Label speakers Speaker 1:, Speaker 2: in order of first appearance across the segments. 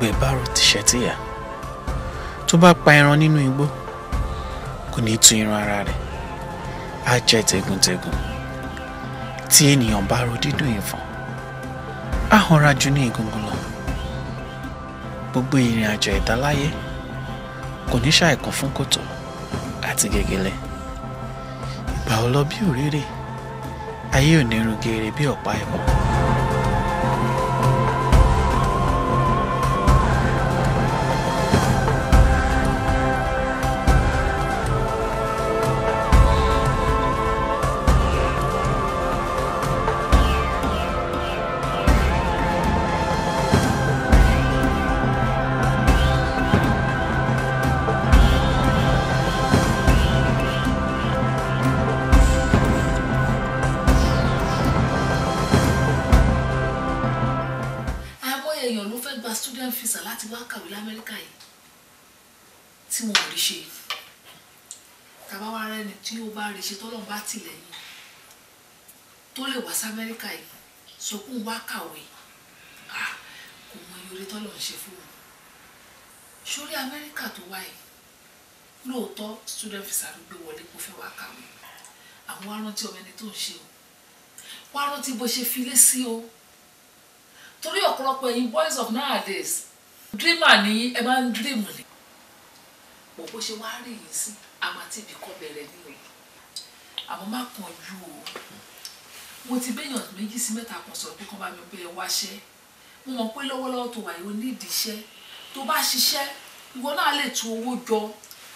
Speaker 1: gbẹ bárò tìṣẹ́ tìyà tó bá pa ẹran nínú igbó kò ní tu irun ara rẹ̀ á jẹ́ tẹ̀gùntẹ̀gùn tí ènìyàn bá ro dídùn ìfọ̀n á hanra jù ní egungun lọ gbogbo ìrìn àjò ẹ̀dá kò ní ṣàìkàn fún kòtò àti gègèlè ìgbà ọlọ́bí òréré ayé ò ní rú geere bí ọ̀pá ẹ̀kọ́.
Speaker 2: rántí ọmọ ẹni tó ń ṣe o wá rántí bó ṣe filé sí o torí ọ̀pọ̀lọpọ̀ ẹ̀yin boys of nowadays dreamer ni ẹ máa ń dream ni mo bó ṣe wá rí yìí sí àmọ́ àti ibì kan bẹ̀rẹ̀ ní o àmọ́ má kàn ju o mo ti béèyàn méjì sí mẹ́ta kan sọ̀rọ̀ pé kán bá mi pé wáṣẹ́ mo mọ̀ pé lọ́wọ́lọ́wọ́ tó wà yìí ní ìdí tó bá ṣiṣẹ́ ìwọ náà lè tún owó jọ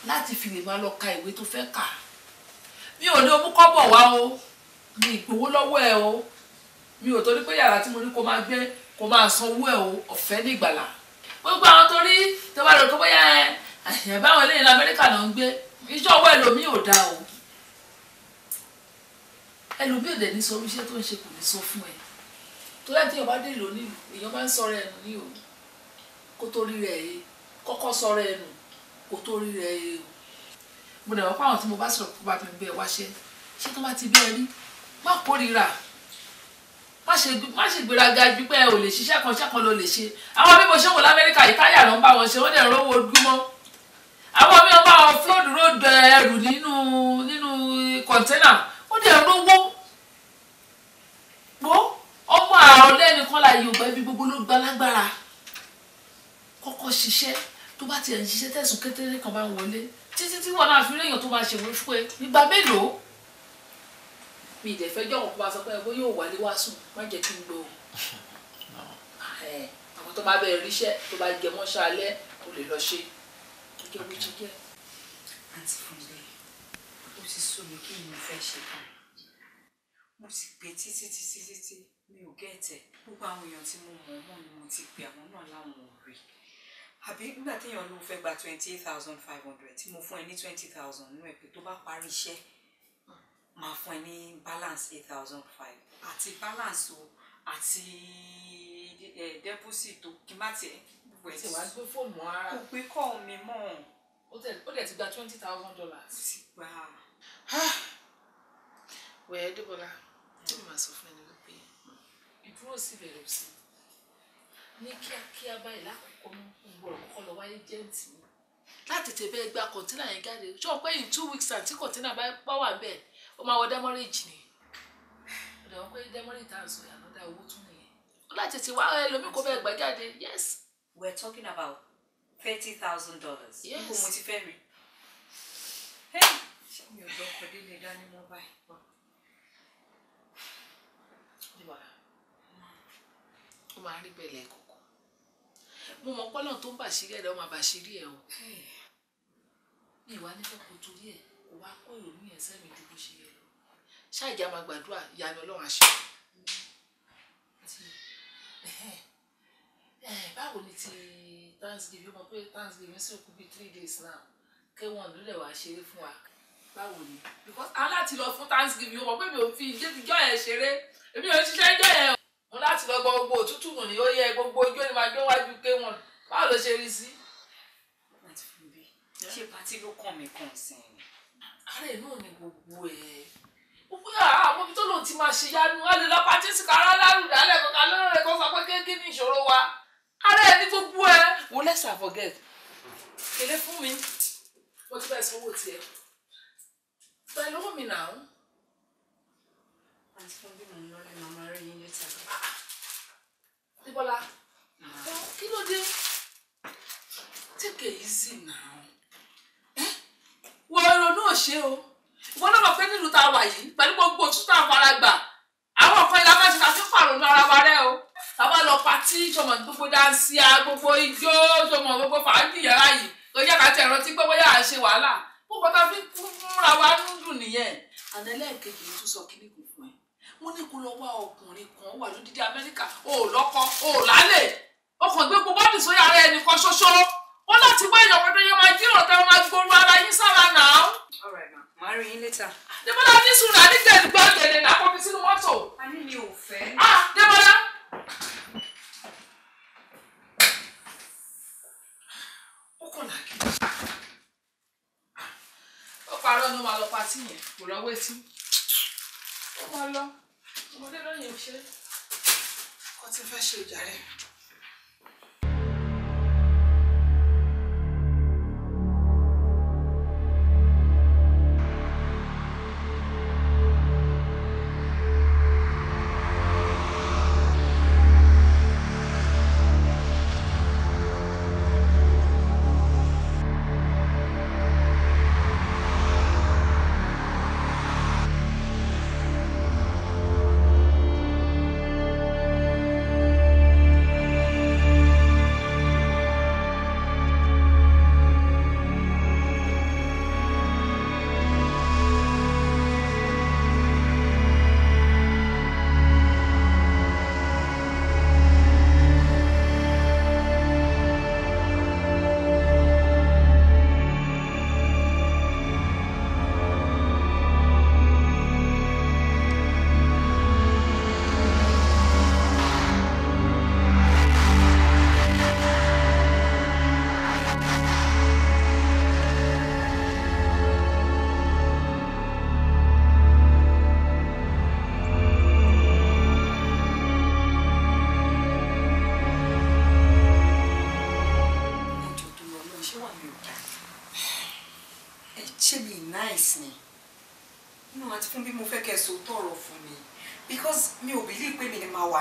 Speaker 2: láti fi lè máa lọ ka ìwé tó fẹ́ kà á mi ò ní o mú kọ́bọ̀ wá o mi ìpínwó lọ́wọ́ ẹ o mi ò torí pé yàrá tí mo ní kó máa gbé kó máa sanwó ẹ o ọ̀fẹ́ nígbàlà gbogbo àwọn torí tó bá lọ kó bóyá ẹ àyàn báwọn eléyìí ní amẹ́ríkà náà ń gbé iṣẹ́ ọwọ́ ẹlòmíì ò dáa o ẹlòmíì ò dẹ̀ ní sọ iṣẹ́ tó ń ṣe kò ní sọ fún ẹ torí àti èèyàn bá dé ìlú nílùú èèyàn máa ń sọ̀rọ̀ ẹnu ní o kó tó rí rẹ̀ kọ́kọ́ sọ̀rọ̀ ẹnu kó tó rẹ̀ o mo dẹ̀ wọ́n pàwọn tí mo bá sọ̀rọ̀ kó bá mi bẹ́ẹ̀ wáṣẹ́ ṣé tó bá ti bẹ́ẹ̀ rí má kórìíra má ṣe gbéraga ju pé ò lè ṣiṣẹ́ kan ṣẹ́kan ló lè ṣe àwọn bí mo ṣe wò lamẹ́ríkà yìí táyà ló ń bá wọn ṣe ó dẹ̀ rówó ojúmọ́ àwọn mi ò bá wọn flood road eh, ẹrù nínú nínú kọ̀ńténà ó dẹ̀ rówó gbó ọmọ àrùn lẹ́nìkan la yorùbá ibi gbogbo ló gba lágbára kọ́kọ́ ṣiṣẹ́ tó bá tiẹ̀ ń ṣiṣẹ́ tẹ̀sùn kékeré kan bá wọlé títí tí wọn náà fi réyàn tó máa ṣèwé fún ẹ nígbà mélòó. mi ì dẹ̀fẹ́ jọ̀wọ́ kó máa sọ pé ẹ bóyá òwà lé má jẹ́ kí n gbọ́ o. àwọn tó bá bẹ̀rẹ̀ ríṣẹ́ tó bá jẹ mọ́ṣá alẹ́ o lè lọ ṣe. jẹ́ bó ṣe jẹ́.
Speaker 3: àǹtí fúnlẹ̀ ó ti sún mi kí ni fẹ́ ṣe fún mo ti pè títí títí títí mi ò gẹ́tẹ̀ gbogbo àwọn èèyàn tí mo mọ̀ ọ́ mọ̀ ni mo ti pè àwọn náà láwọn ò àbí nígbà téèyàn ló fẹ́ gba twenty eight thousand five hundred tí mo fún ẹ ní twenty thousand nínú ẹ pé tó bá parí iṣẹ́ máa fún ẹ ní balance eight thousand five àti balance o àti eh, deposit o kí n má tiẹ̀
Speaker 4: wẹ̀ tí wàá
Speaker 2: gbé fóònù ara kò pé kọ́ mi mọ́ ó dẹ̀ ti gba twenty thousand dollars. ó ti gbà á. wẹ̀ẹ́ débọ̀lá tó lè máa sọ fún ẹni wípé ìdúró sí bẹ̀rẹ̀ sí i ní kíákíá báyìí lákòókò gbogbo ọ̀kọ́ lọ wáyé jẹ́ǹtì mi láti tètè gba kọ̀ǹtínà yẹn jáde ṣé o pé in two weeks àti kọ̀ǹtínà bá wà bẹ́ẹ̀ o máa wọ dẹ́mọ́rẹ́jì ni ọ̀dọ̀ wọn pé dẹ́mọ́rẹ́jì tá à ń sọ yàrá dá owó tún nìyẹn
Speaker 3: ó láti tètè wá ẹlòmíì kó bẹ́ẹ̀ gbà jáde yes. we're talking about thirty thousand dollars. yes kò mo ti fẹ́ rí. mi ò gbọ́ ọkọ̀ délé dání mọ́ báyìí pọ̀.
Speaker 2: máa rí bẹ́ẹ̀ lẹ́kọ̀ọ́ mo mọ̀ pọ́lọ́ tó ń bàṣírí ẹ̀ lọ́wọ́ máa bàṣírí ẹ̀ o mi ìwà nífẹ̀ẹ́ kò torí ẹ̀ kò wá kó ìrònú yẹn sẹ́mi ju bó ṣe yẹ lọ ṣáàjà máa gbàdúrà ìyanu ọlọ́run àṣẹ báwo ni ti thanksgiving mo pé thanksgiving sì kú bíi three days now kẹwọn ló lè wá ṣeré fún wa báwo ni because aláti lọ fún thanksgiving mo pé mi ò fi ìjẹ́tijọ́ ẹ̀ ṣeré èmi ò ṣiṣẹ́ ẹjọ́ ẹ̀ o mo láti lọ gbọ́ gbogbo òtútù nù ni ó yẹ gbogbo ojú ẹni máa gbé wájú pé wọn báwo ló ṣe rí sí. ṣé pati ló kàn mí kàn sí ni. ara inú ni gbogbo ẹ gbogbo ah, àwọn omi tó lòun ti máa ṣe yánu a lè lọ pati sí kàrá lárúdà lẹ́kọ̀ọ́ kan lọ́rọ̀ rẹ̀ kó sọ pé kéékì ní ìṣòro wa ara ẹ ní gbogbo ẹ. mo lẹ́sà forget. kèlé fún mi mo ti bá ẹ sanwó tiẹ̀ pẹ̀lú mi náà àti fún bí mò ń lọlé màmá rẹ yín létà. Débọ́lá, kí ló dé? Take it easy now. Eh? Wọ ìrònú òṣè a wà yìí pẹ̀lú gbogbo òtútù àfara gbà. Àwọn ọ̀fẹ́ ilé abájọ ta fi ń pàrònú ara wa rẹ o. Tàbá lọ patí jọmọ̀ gbogbo dáńsíá gbogbo ijó jọmọ̀ gbogbo fàájì yàrá yìí. Lọ́jà kàtí ẹ̀rọ tí gbọ́ bóyá à ń ṣe wàhálà. Gbogbo ta fi ń múra wa tún sọ kíní wọ́n ní kó lọ wá ọkùnrin kan wà lódìdí amẹ́ríkà ò lọ́kọ ò lálẹ́ ọkàn gbé gbogbo bọ́ọ̀dì sórí ara ẹnì kan ṣoṣo wọ́n láti wá ìyàwó tó yẹ máa jíròrò tá máa gbòòrò ara yín sára náà.
Speaker 3: all right rí yín later.
Speaker 2: dèbọ́lá ní sùúrù àní tẹ̀lé gbọ́ tẹ̀lé náà kó fi sínú mọ́tò. a ní mi ò fẹ́. ah dèbọ́lá. ó kàn láàkì. ó parọ́ ni wọ́n máa lọ pa sí yẹn kò lọ́wọ́ etí ó máa lọ. 我这个牛皮，我这发睡觉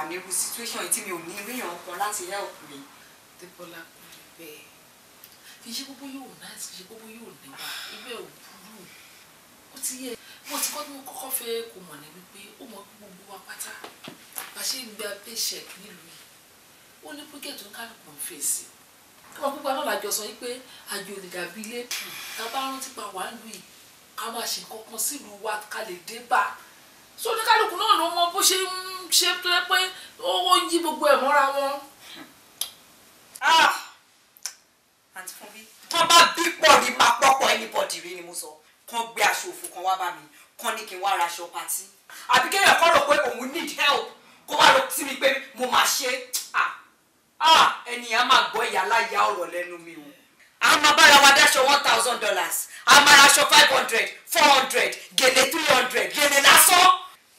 Speaker 3: wà nírú situation tí mi ò ní ríyàn kan láti help mi. Débọ́lá kò lè bẹ́ẹ̀.
Speaker 2: Kì í ṣe gbogbo yóò nice, kì í ṣe gbogbo yóò lẹ́wà, ibẹ̀ ò burú. ti yẹ mo ti kọ́ tí mo kọ́kọ́ fẹ́ kó mọ̀ ní wípé ó mọ gbogbo wa pátá. Bá ṣe ń gba paycheck nílùú yìí, ó ní púkẹ́ tó ń kálukú ń fèsì. Ọmọ púpọ̀ náà làjọ sọ wípé àjò ò lè dàbí ilé. Tá a bá rántí pa wàá lù yìí, ká máa ṣe nǹkan kan sílùú wa ká lè dé bá. Sọ oníkálukú náà ló mọ bó ṣe ń ṣe tó yẹ pé ó yí gbogbo ẹ̀ mọ́ra wọn.
Speaker 3: Ah! àǹtí bá bí pọ̀ ní máa pọ́pọ̀ anybody rí ni mo sọ kán gbé aṣọ òfò kan wá bá mi kán ní kí n wá ra pàtí àbí kéèyàn kọ́ rò pé òun need help kó wá lọ sí mi pé mo máa ṣe ah! Ah! ẹni máa gbọ́ ìyá láyà ọ̀rọ̀ lẹ́nu mi o a máa bára wa dáṣọ one thousand dollars a máa raṣọ five hundred four hundred gèlè three hundred gèlè lásán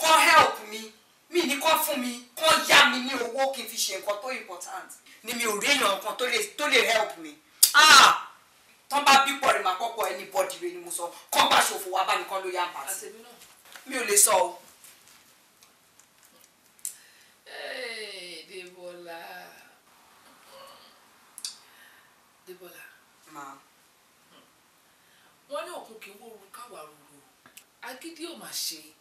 Speaker 3: kọ́ help mi mi ní kọ́ fún mi kọ́ yá mi ní owó kí n fi ṣe nǹkan tó important ni mi ò rí èèyàn kan tó lè help me. ah tán bá bípọ̀ rẹ̀ máa kọ́kọ́ ẹni bọ́dì rẹ̀ ni mo sọ kọ́ bá ṣòfò wá bá nìkan ló yá pàtì mi ò lè sọ o.
Speaker 2: Eh, Débọ́lá Débọ́lá wọ́n ní òkú kí wọ́n ru káwà rúru agídí ò máa ṣe é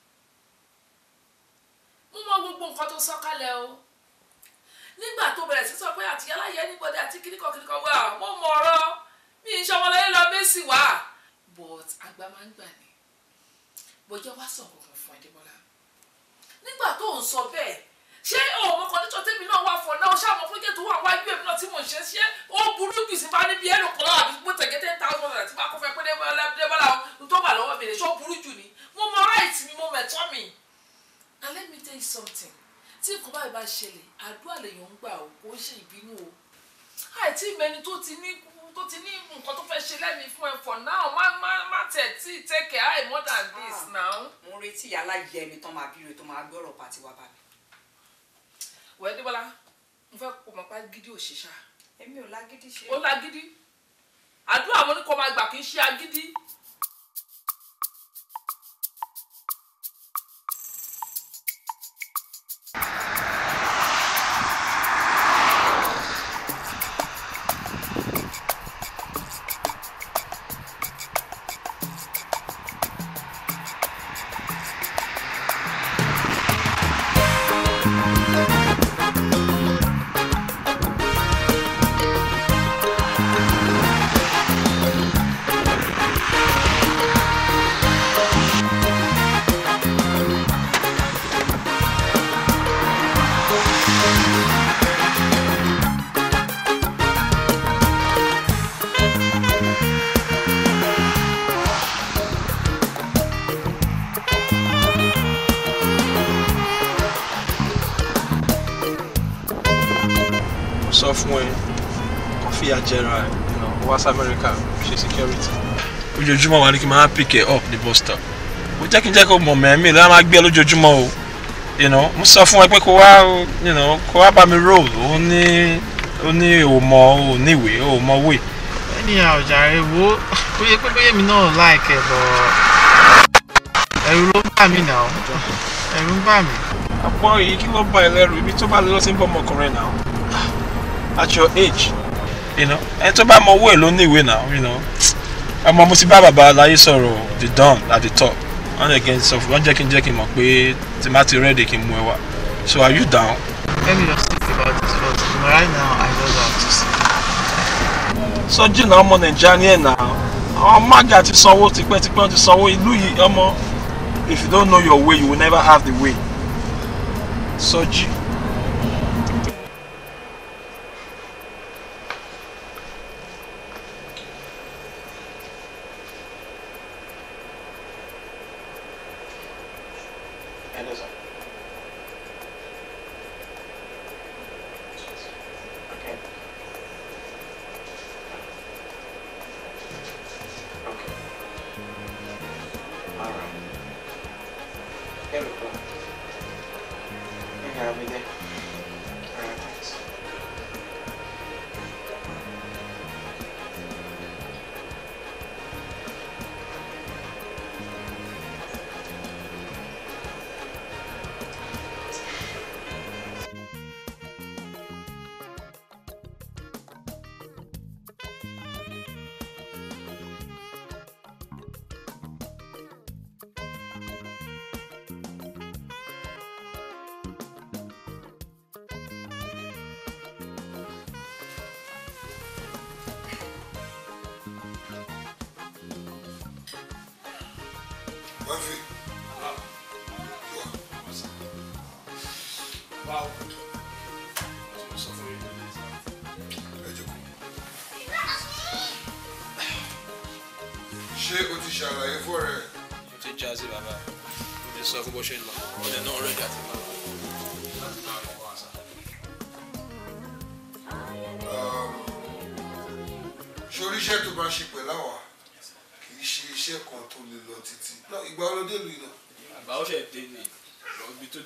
Speaker 2: ń mọ gbogbo nǹkan tó sọ kalẹ̀ o nígbà tó bẹ̀rẹ̀ sí sọ pé àtìyálá yẹ nígbọdẹ àti kíníkan kíníkan wà mo mọ ọ̀rọ̀ mi ń ṣọmọláyé lọ mẹ́sì wá but àgbà máa ń gbà ní bóyá wá sọ kankan fún Adébọ́lá nígbà tó ń sọ bẹ́ẹ̀ ṣé òun mọ kọ́ndíṣọ́ tèmi náà wà fọ̀ náà ṣáà mọ fúnjẹ́ tó wà wájú èmi náà tí mò ń ṣe ṣé ó burú jù sí bá níbi ẹ̀rọ kan náà àbí gbọ́tẹ̀gẹ́ ten thousand naira tí bá kọ́ fẹ́ pé Débọ́lá tó wà lọ́wọ́ mi rẹ̀ ṣé ó burú jù ni mo mọ right mi mo mẹ̀tọ́ mi and let me tell you something tí nǹkan báyìí bá ṣẹlẹ̀ àdúrà lèèyàn ń gbà ó kò ń ṣe ìbínú o àìtí ìmẹ́ni tó ti ní tó ti ní nǹkan tó fẹ́ ṣe lẹ́mìí fún ẹ for now má má má tẹ̀ tí take her eye more than this ah, now. mo retí yàrá
Speaker 3: yẹ mi tán máa bíire tó máa gbọ́rọ̀ pàtí wá bá mi.
Speaker 2: wẹ́ẹ́ débọ́lá mo fẹ́ kó mọ̀ pé gidi ò ṣe ṣá. èmi ò lágídí ṣe. ó lágídí àdúrà mo ní kó máa gbà kí n ṣe agídí. you
Speaker 5: sọ fún ẹ kó fi àjẹrà ẹ wá security. ojoojúmọ́ wa ni kí pick up ní bus stop ó jẹ́ kí n jẹ́ kó mọ̀ mẹ́mí lọ́wọ́ máa gbé ẹ lójoojúmọ́ o mo sọ fún ẹ pé kó wá kó wá bá mi roll ó ní ó ní òmọ ò níwè ò mọ wè.
Speaker 1: ẹni àwòjáre wo bóyá pé bóyá mi náà láìkẹ bọ ẹ̀rù ló ń bà mí náà ẹ̀rù ń bà mí.
Speaker 5: àpọ̀ yìí kí ba ẹ ibi tó bá lọ sí ń bọ́ ọmọkùnrin náà at your age you know ẹni tó bá mọ owó ẹ̀ ló ní ìwé náà you know ọmọ mo ti bá bàbá aláyé sọ̀rọ̀ the don at the top wọ́n lè kí n sọ wọ́n jẹ́ kí n jẹ́ kí n mọ̀ pé tí rẹ́ẹ̀dì kí n mú ẹ wá so are you down. let me
Speaker 1: just think about this first right now i just have
Speaker 5: to see. sọ́jí náà ọmọ nàìjíríà ní ẹ̀ náà àwọn mága ti sanwó tipẹ́tipẹ́ ti sanwó ìlú yìí ọmọ if you don't know your way you will never have the way sọ́jí. So,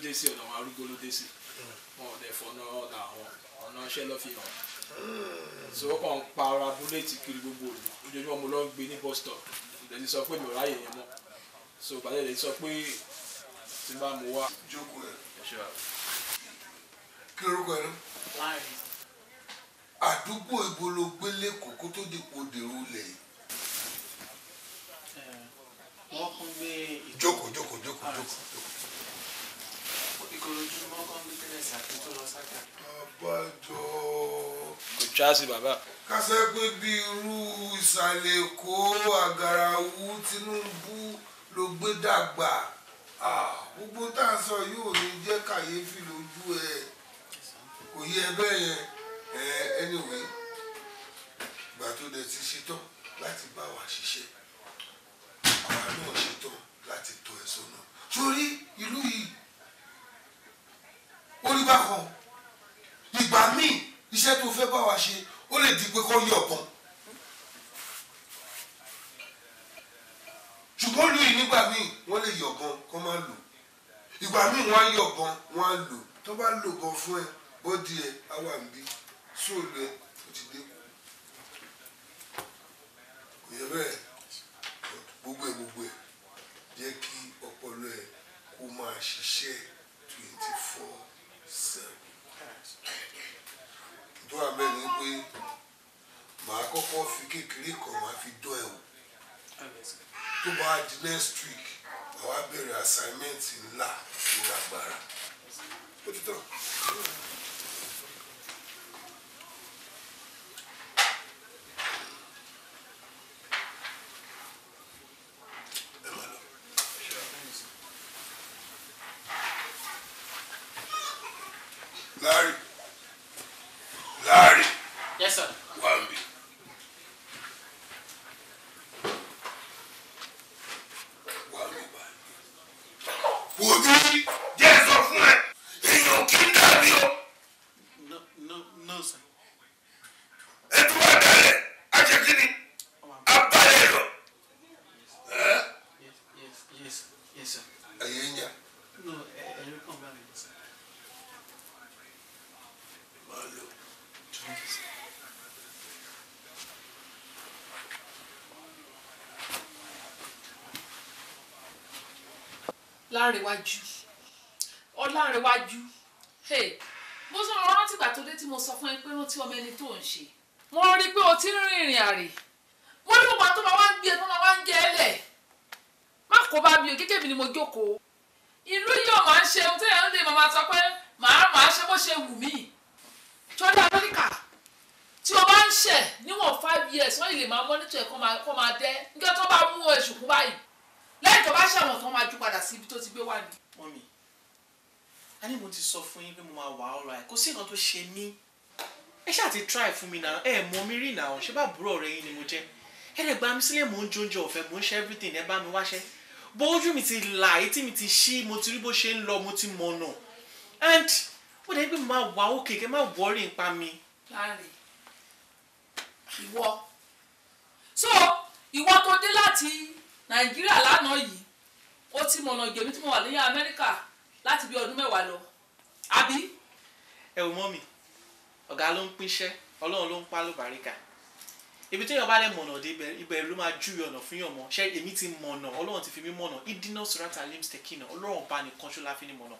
Speaker 5: dé sí ọ̀nà àwọn arúgbó ló dé sí wọn ò dẹ̀ fọ̀nà ọ̀nà àwọn ọ̀nà iṣẹ́ lọ́ fi hàn so wọ́n kàn ń pa ara búlẹ̀tì kiri gbogbo òlu ojoojúmọ́ mo lọ gbé ní bus stop ìdẹ̀lẹ́ sọ pé mi ò ráyè yẹn mọ́ so bàtẹ́ ìdẹ̀lẹ́ sọ pé tí n bá mu wá. joko ẹ
Speaker 6: kí lorúkọ ẹ náà àdúgbò ibo gbélé kókó tó dìpọ̀ dèrò lẹ̀ yìí jókòó jókòó jókòó jókòó jókòó Ìkòròdú mọ́kàn bí tẹ́lẹ̀sì àti tó lọ sákà. Àbájọ.
Speaker 5: Kò ṣáàṣì bàbá.
Speaker 6: Kásẹ̀ pé bí irú ìsàlẹ̀ Èkó àgàràwú Tinubu ló gbé dàgbà. Gbogbo tá a sọ yóò ní jẹ́ kàyéfì lójú ẹ̀. Kò yẹ bẹ́ẹ̀ yẹn. Anyway, ìgbà tó dẹ̀ ti ṣetán láti bá wa ṣiṣẹ́. Àwa náà ṣetán láti tọ́ ẹ sọ́nà. Sórí ìlú yìí orígbà kan ìgbà míì iṣẹ́ tó fẹ́ bá wa ṣe ó lè di pé kó yí ọ̀kan ṣùgbọ́n lù yìí nígbà míì wọ́n lè yí ọ̀kan kó má lò
Speaker 4: ìgbà míì wọ́n
Speaker 6: á yí ọ̀kan wọ́n á lò tó bá lò gan fún ẹ ó di ẹ àwa ń bí sóòlù ẹ ó ti dé kò yẹ bẹ́ẹ̀ gbogbo ẹ gbogbo ẹ jẹ́ kí ọpọlọ ẹ kó máa ṣiṣẹ́ twenty four tó wà bẹ́ẹ̀ ni pé màá kọ́kọ́ fi kékeré kan màá fi dọ́ ẹ̀ wò tó bá di next week màá wá bẹ̀rẹ̀ assignment ńlá ìlú agbára. ó ti
Speaker 2: Ọlárẹ̀wájú Ọlárẹ̀wájú mo sọ ọ̀rọ̀ rántí ìgbà tó dé tí mo sọ fún ẹ pé rántí ọmọ ẹni tó ń ṣe mo rí i pé o ti ń rìn ìrìn àrè mo ní ìgbà tó máa wá ń gbé tó máa wá ń jẹ ẹ lẹ̀ má kó bá mi ò gẹ́gẹ́ mi ni mo jókòó ìlú yìí ò máa ń ṣe ohun tó yẹ ń lè máa sọ pé màá màá ṣe bó ṣe wù mí tọ́jú Amẹ́ríkà tí o bá ń ṣẹ̀ níwọ̀n five years wọ́n lè máa mọ́nítọ̀ ẹ̀ kọ́ máa dẹ́ nígbà tó bá mú ẹ̀ṣùkú
Speaker 1: báyìí lẹ́yìn tó bá ṣẹ̀wọ̀n tán máa jú padà sí ibi tó ti gbé wà ní. mọ́mí a ní mo ti sọ fún yín pé mo máa wà ọ́ra ẹ̀ sí nǹkan tó ṣe mí ẹ ṣáà ti try fún mi náà ẹ mọ mi rí náà ṣé bá àbúrò ọ̀rẹ́ yín ni mo jẹ́ ẹ dẹ̀ gba mi sílẹ̀ mò ń jóúnjẹ ọ̀fẹ́ mò ń ṣe everything ẹ bá mi wáṣẹ́ bó ojú mi ti là etí mi ti ṣí mo ti rí bó ṣe ń lọ mo ti mọ̀nà and ó dẹ̀ pé máa wà ókè kẹ́ máa wọ́ọ̀rì ń pa mi. láàrin ìwọ
Speaker 2: so ìwọ tó dé láti nàìjíríà lánàá yìí ó ti mọ̀nà ìgbèmí tí mo wà lẹ́yìn amẹ́ríkà láti bí ọdún mẹ́wàá
Speaker 1: lọ àbí. ẹ ò mọ̀ mi ọ̀gá ló ń pínṣẹ́ ọlọ́run ló ń pa lóbàríkà ibi tí èèyàn bá lè mọ̀nà dé ibẹ̀ ló máa júwe ọ̀nà fún yàn mọ́ ṣé èmi ti mọ̀nà ọlọ́run ti fi mí mọ̀nà ìdínà sùràtà limstekina ọlọ́run bá nìkan ṣó láfi ní mọ̀nà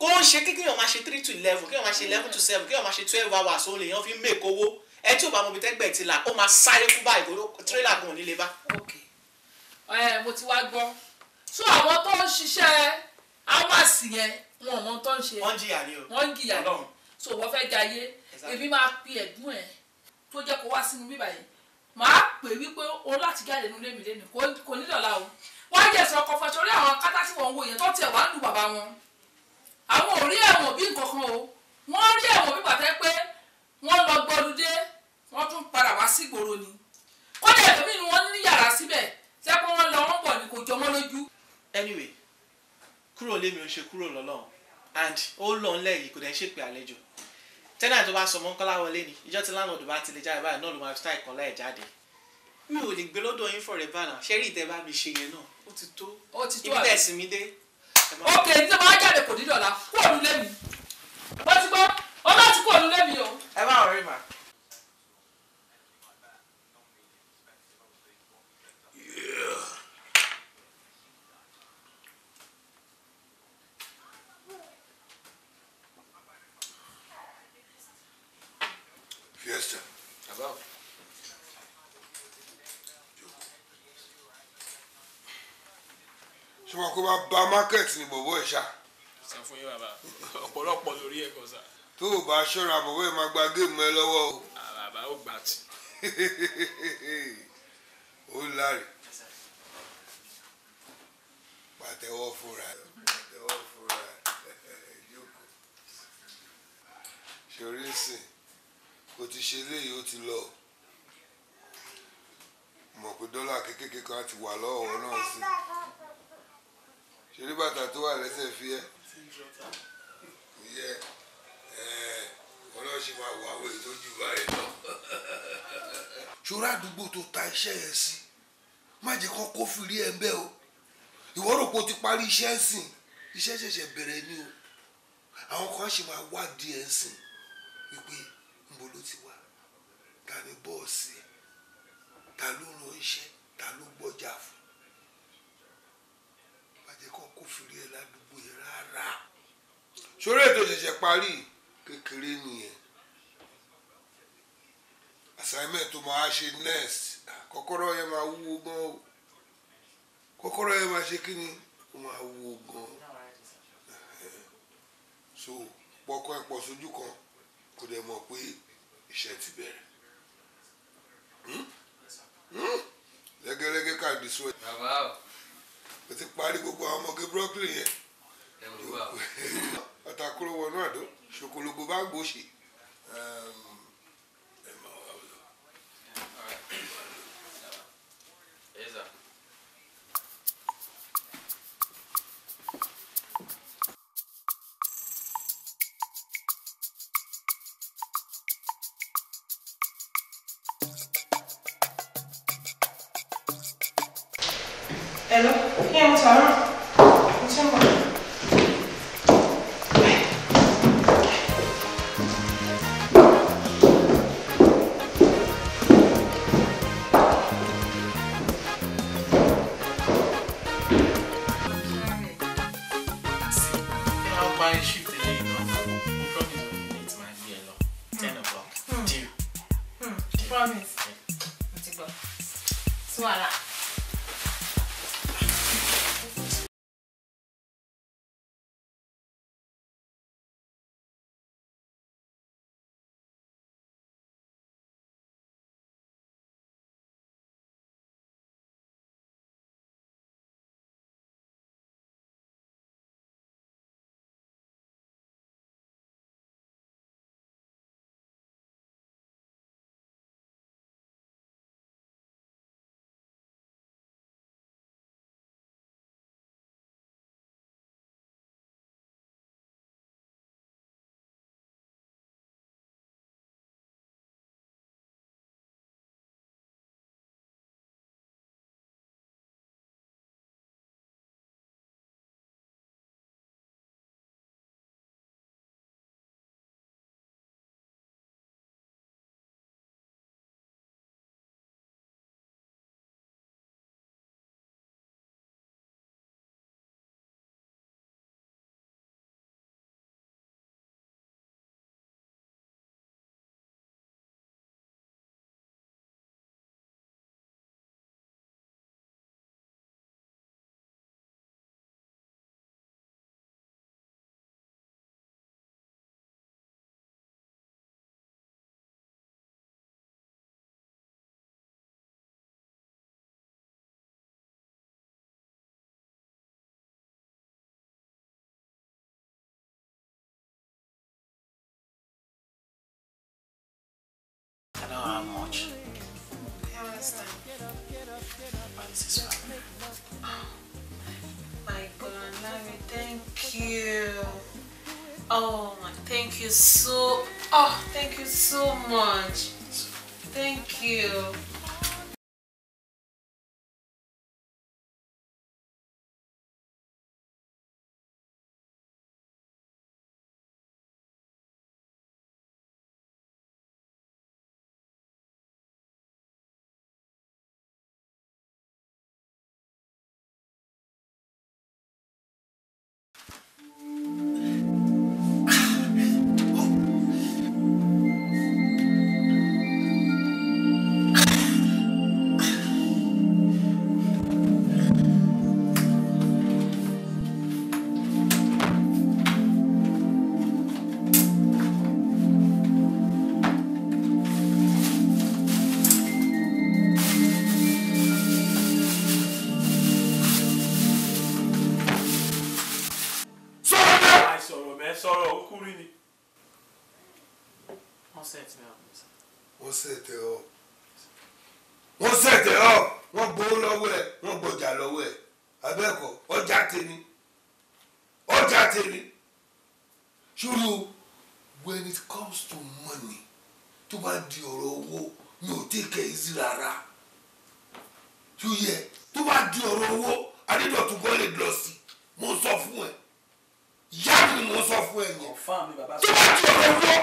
Speaker 1: kó ń ṣe kí kéèyàn máa ṣe three to eleven kéèyàn máa ṣe eleven to seven kéèyàn máa ṣe twelve hours ó lè yàn fi ń mèkó owó ẹ tí ò bá mọ ibi tẹ́gbẹ̀ẹ́ ti là ó máa sáré kú báyìí kó tírélà kan ò ní le bá. okay
Speaker 2: mo ti wá gbọ́ so àwọn tó ń ṣiṣẹ́ awàsì yẹn wọn ò mọ tó ń ṣe wọ́n jìyà ni o wọ́n jìyà ni so wọ́n fẹ́ jayé èmi máa pe ẹ̀gbọ́n ẹ̀ tó jẹ́ kó wá sínú bíbá yìí màá pè wípé o láti jáde nílé mi kò ní dọ̀la o wọ́n jẹ́ sọ ọkọ̀ fọ́ṣọ orí àwọn akátá tí wọ́n ń wo èèyàn tó tiẹ̀ wá lù bàbá wọn àwọn ò rí ẹ̀wọ̀n bí nǹkan kan o wọ́n rí ẹ̀wọ̀n bí bàtẹ́ pé wọ́n lọ gbọ́dúdé wọ́n tún
Speaker 1: padà wá sí ìgboro ni
Speaker 2: kọ́lẹ̀ ẹ̀dọ́mí ni wọ́n ní yàrá síbẹ̀ ṣé kí wọ́n
Speaker 1: lọ wọ́n bọ̀ ni kò jọ wọ́n lójú. anyway kúrò lémi ò ṣe kúrò lọ́lọ́run and ó lọ ńlẹ̀ yìí kò dẹ̀ ń ṣèpè àlejò tẹ́nà tó bá sọ mọ́ ńkọ́lá wọlé ni ìjọ tí láńlọ́ọ̀dù bá ti lè jáde báyìí náà ló máa fi táì kan láì jáde mi ò lè gbé lọ́dọ̀ yín fọ̀rẹ̀ bàlà ṣẹ́rí ìtẹ́ bá mi ṣe yẹn náà ó ti tó ibi tẹ̀ sí mi dé. ok ní tí wọ́n á jáde
Speaker 2: kò dídọ̀la kúrò nílé mi wọ́n ti gbọ́ ọlọ́ọ̀tí kúrò nílé mi o.
Speaker 1: ẹ má ọ̀rẹ́ màá.
Speaker 6: market ni bọ̀bọ̀ ẹ̀ ṣá. sọ fún yín bàbá ọ̀pọ̀lọpọ̀ lórí ẹ̀ kọ́ sá. tó o bá ṣọ́ra bọ̀bọ̀ ẹ̀ máa gba géèmù ẹ lọ́wọ́ o. Ah, bàbá ó gbà tì. ó láre pàtẹ́wọ́ fúnra pàtẹ́wọ́ fúnra jókòó ṣorí sìn o ti ṣe léyìí o ti lọ mọ̀ pé dọ́là kékeré kan ti wà lọ́wọ́ náà
Speaker 4: sí i
Speaker 6: ṣeré bàtà tó wà lẹ́sẹ̀ fi ẹ́ kò yẹ
Speaker 4: ọlọ́ọ̀ṣì máa wà wẹ̀ tó jù báyìí lọ.
Speaker 6: ṣòro àdúgbò tó ta iṣẹ́ yẹn sí má jẹ́ kó kófìrí ẹ̀ bẹ́ẹ̀ o ìwọ rò pé o ti parí iṣẹ́ sìn iṣẹ́ ṣẹ̀ṣẹ̀ bẹ̀rẹ̀ ni o àwọn kan ṣì máa wádìí ẹ̀ sìn wípé níbo ló ti wá ta ni bọ́ọ̀sì ta ló ránṣẹ́ ta ló gbọ́jà fún jẹ́ kó kó fìrí ẹ ládùúgbò yẹn rárá sórí ètò ìṣẹ̀ṣẹ̀ parí kékeré nìyẹn assignment tó máa ṣe next kọ́kọ́rọ́ yẹn máa wúwo gan o kọ́kọ́rọ́ yẹn máa ṣe kí ni ó máa wúwo gan so pọkọ ẹ pọ̀ sójú kan kò dẹ̀ mọ̀ pé iṣẹ́ ti bẹ̀rẹ̀ hmm? Hmm? lẹ́gẹ́lẹ́gẹ́ ká di sóyè o ti parí gbogbo àwọn ọmọge brooklyn yẹn ọ̀tàkùrọ̀ wọnú àdó ṣòkòlògbò bá gbòòṣì. Um,
Speaker 4: Oh my God, mommy, thank you. Oh, thank you so. Oh, thank you so much. Thank you.
Speaker 6: take easy rárá tó yẹ tó bá di ọ̀rọ̀ owó adédọ̀tún kọ́ lè lọ sí mo sọ fún ẹ ìyá mi mo sọ fún ẹ yẹn tó bá di ọ̀rọ̀ owó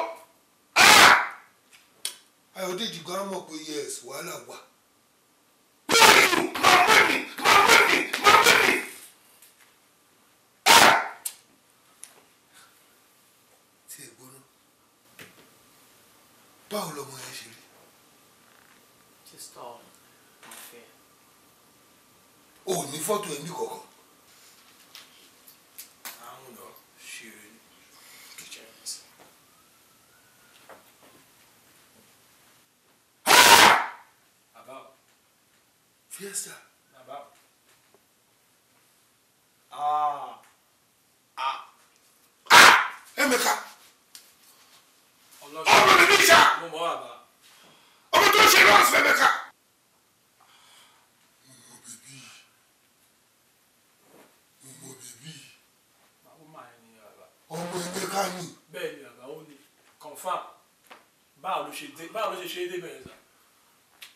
Speaker 6: ayọ̀dèjì gan mọ̀ pé yes wàhálà wà. bóyú máa wé mi máa wé mi máa wé mi. tí ẹ gbóná báwo lọmọ yẹn ṣe rí tí stọọ mo fẹ́. o ò ní fọ́tò ẹbí kankan. àwọn ọ̀dọ́ ṣe kìjẹ́
Speaker 5: şeyde benzer.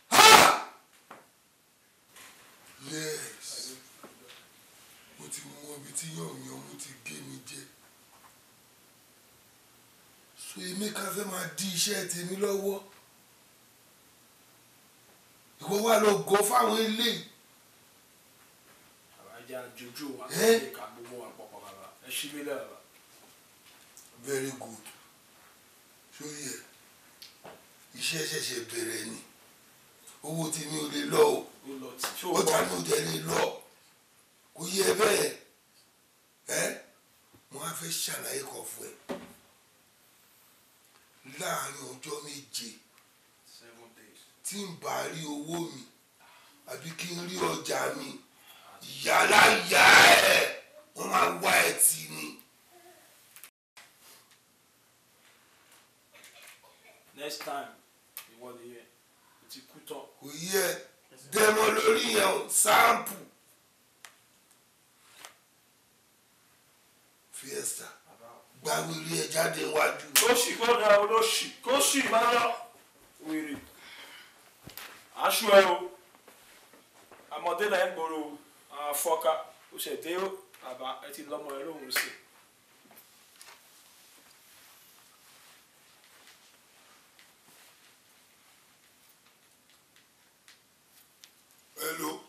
Speaker 6: Ha! Yes. Mo ti mú ọbí tí yànyàn mo ti gé mi jẹ. So Emeka fẹ́ máa di iṣẹ́ tèmi lọ́wọ́. Ìwọ wà lọ gọ fáwọn eléyìí.
Speaker 5: Àbájá jojú wa.
Speaker 6: iṣẹ́ ṣẹ̀ṣẹ̀ bẹ̀rẹ̀ ni owó tí mi ò lè lọ o ó ta ní lè lọ kò yẹ bẹ́ẹ̀ ẹ́ mo á fẹ́ ṣàlàyé kan fún ẹ láàárín ọjọ́ méje tí n bá rí owó mi àbí kí n rí ọjà mi yàrá yà ẹ wọ́n máa wá ẹ tì ní.
Speaker 5: next time ti kú tán.
Speaker 6: yẹ dẹmọ lórí yẹn o sáàmpù fiesta gbàgbé rí ẹ jáde wájú. kó sì kó olóṣì kó sì má wèrè
Speaker 5: aṣọ ẹ o àmọdé náà ń gbòòrò àfọkà ó ṣẹ̀dé àbá ẹ ti lọ́mọ ẹ lóhùn sí i. Hello.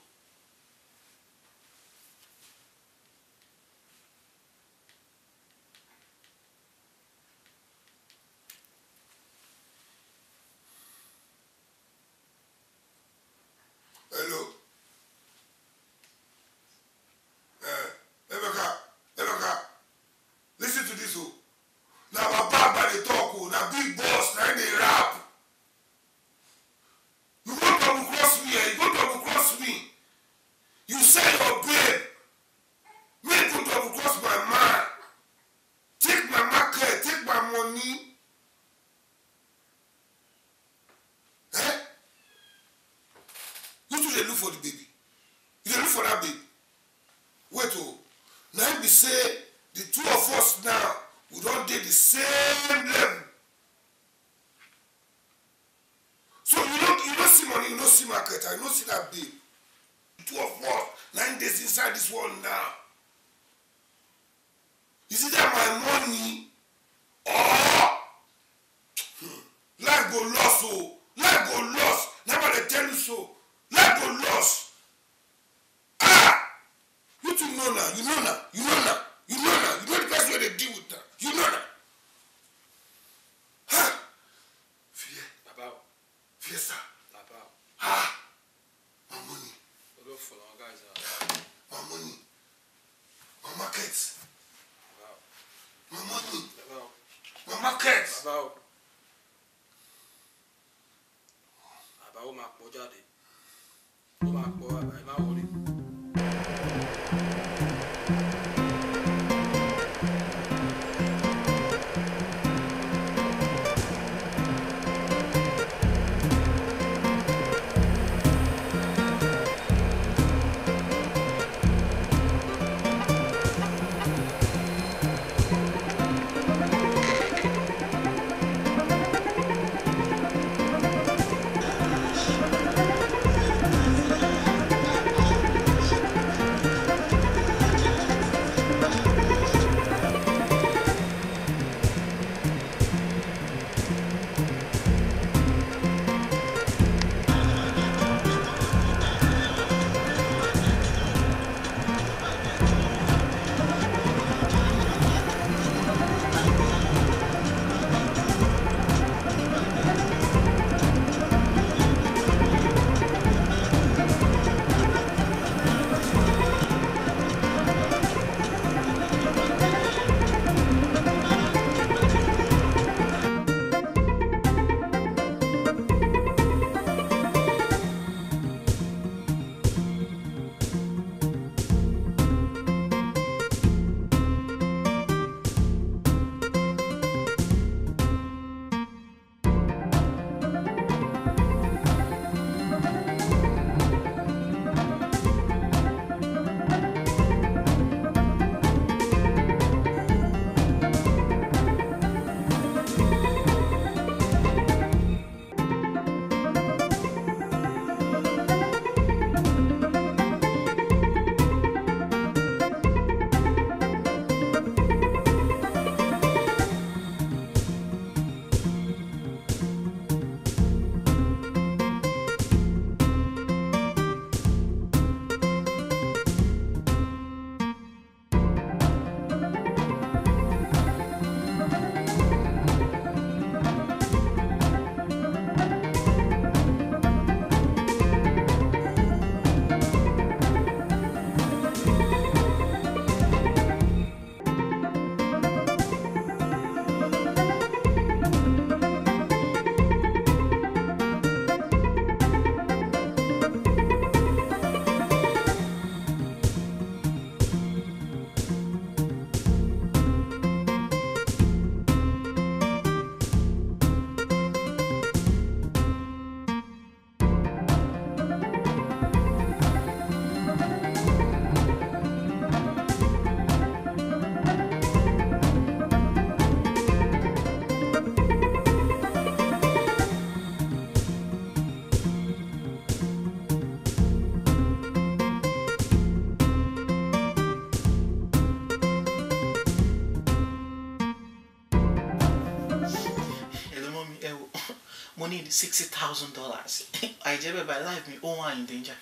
Speaker 1: sixty thousand dollars àìjẹ́ bẹ́ẹ̀ báyìí life mi ó wà in danger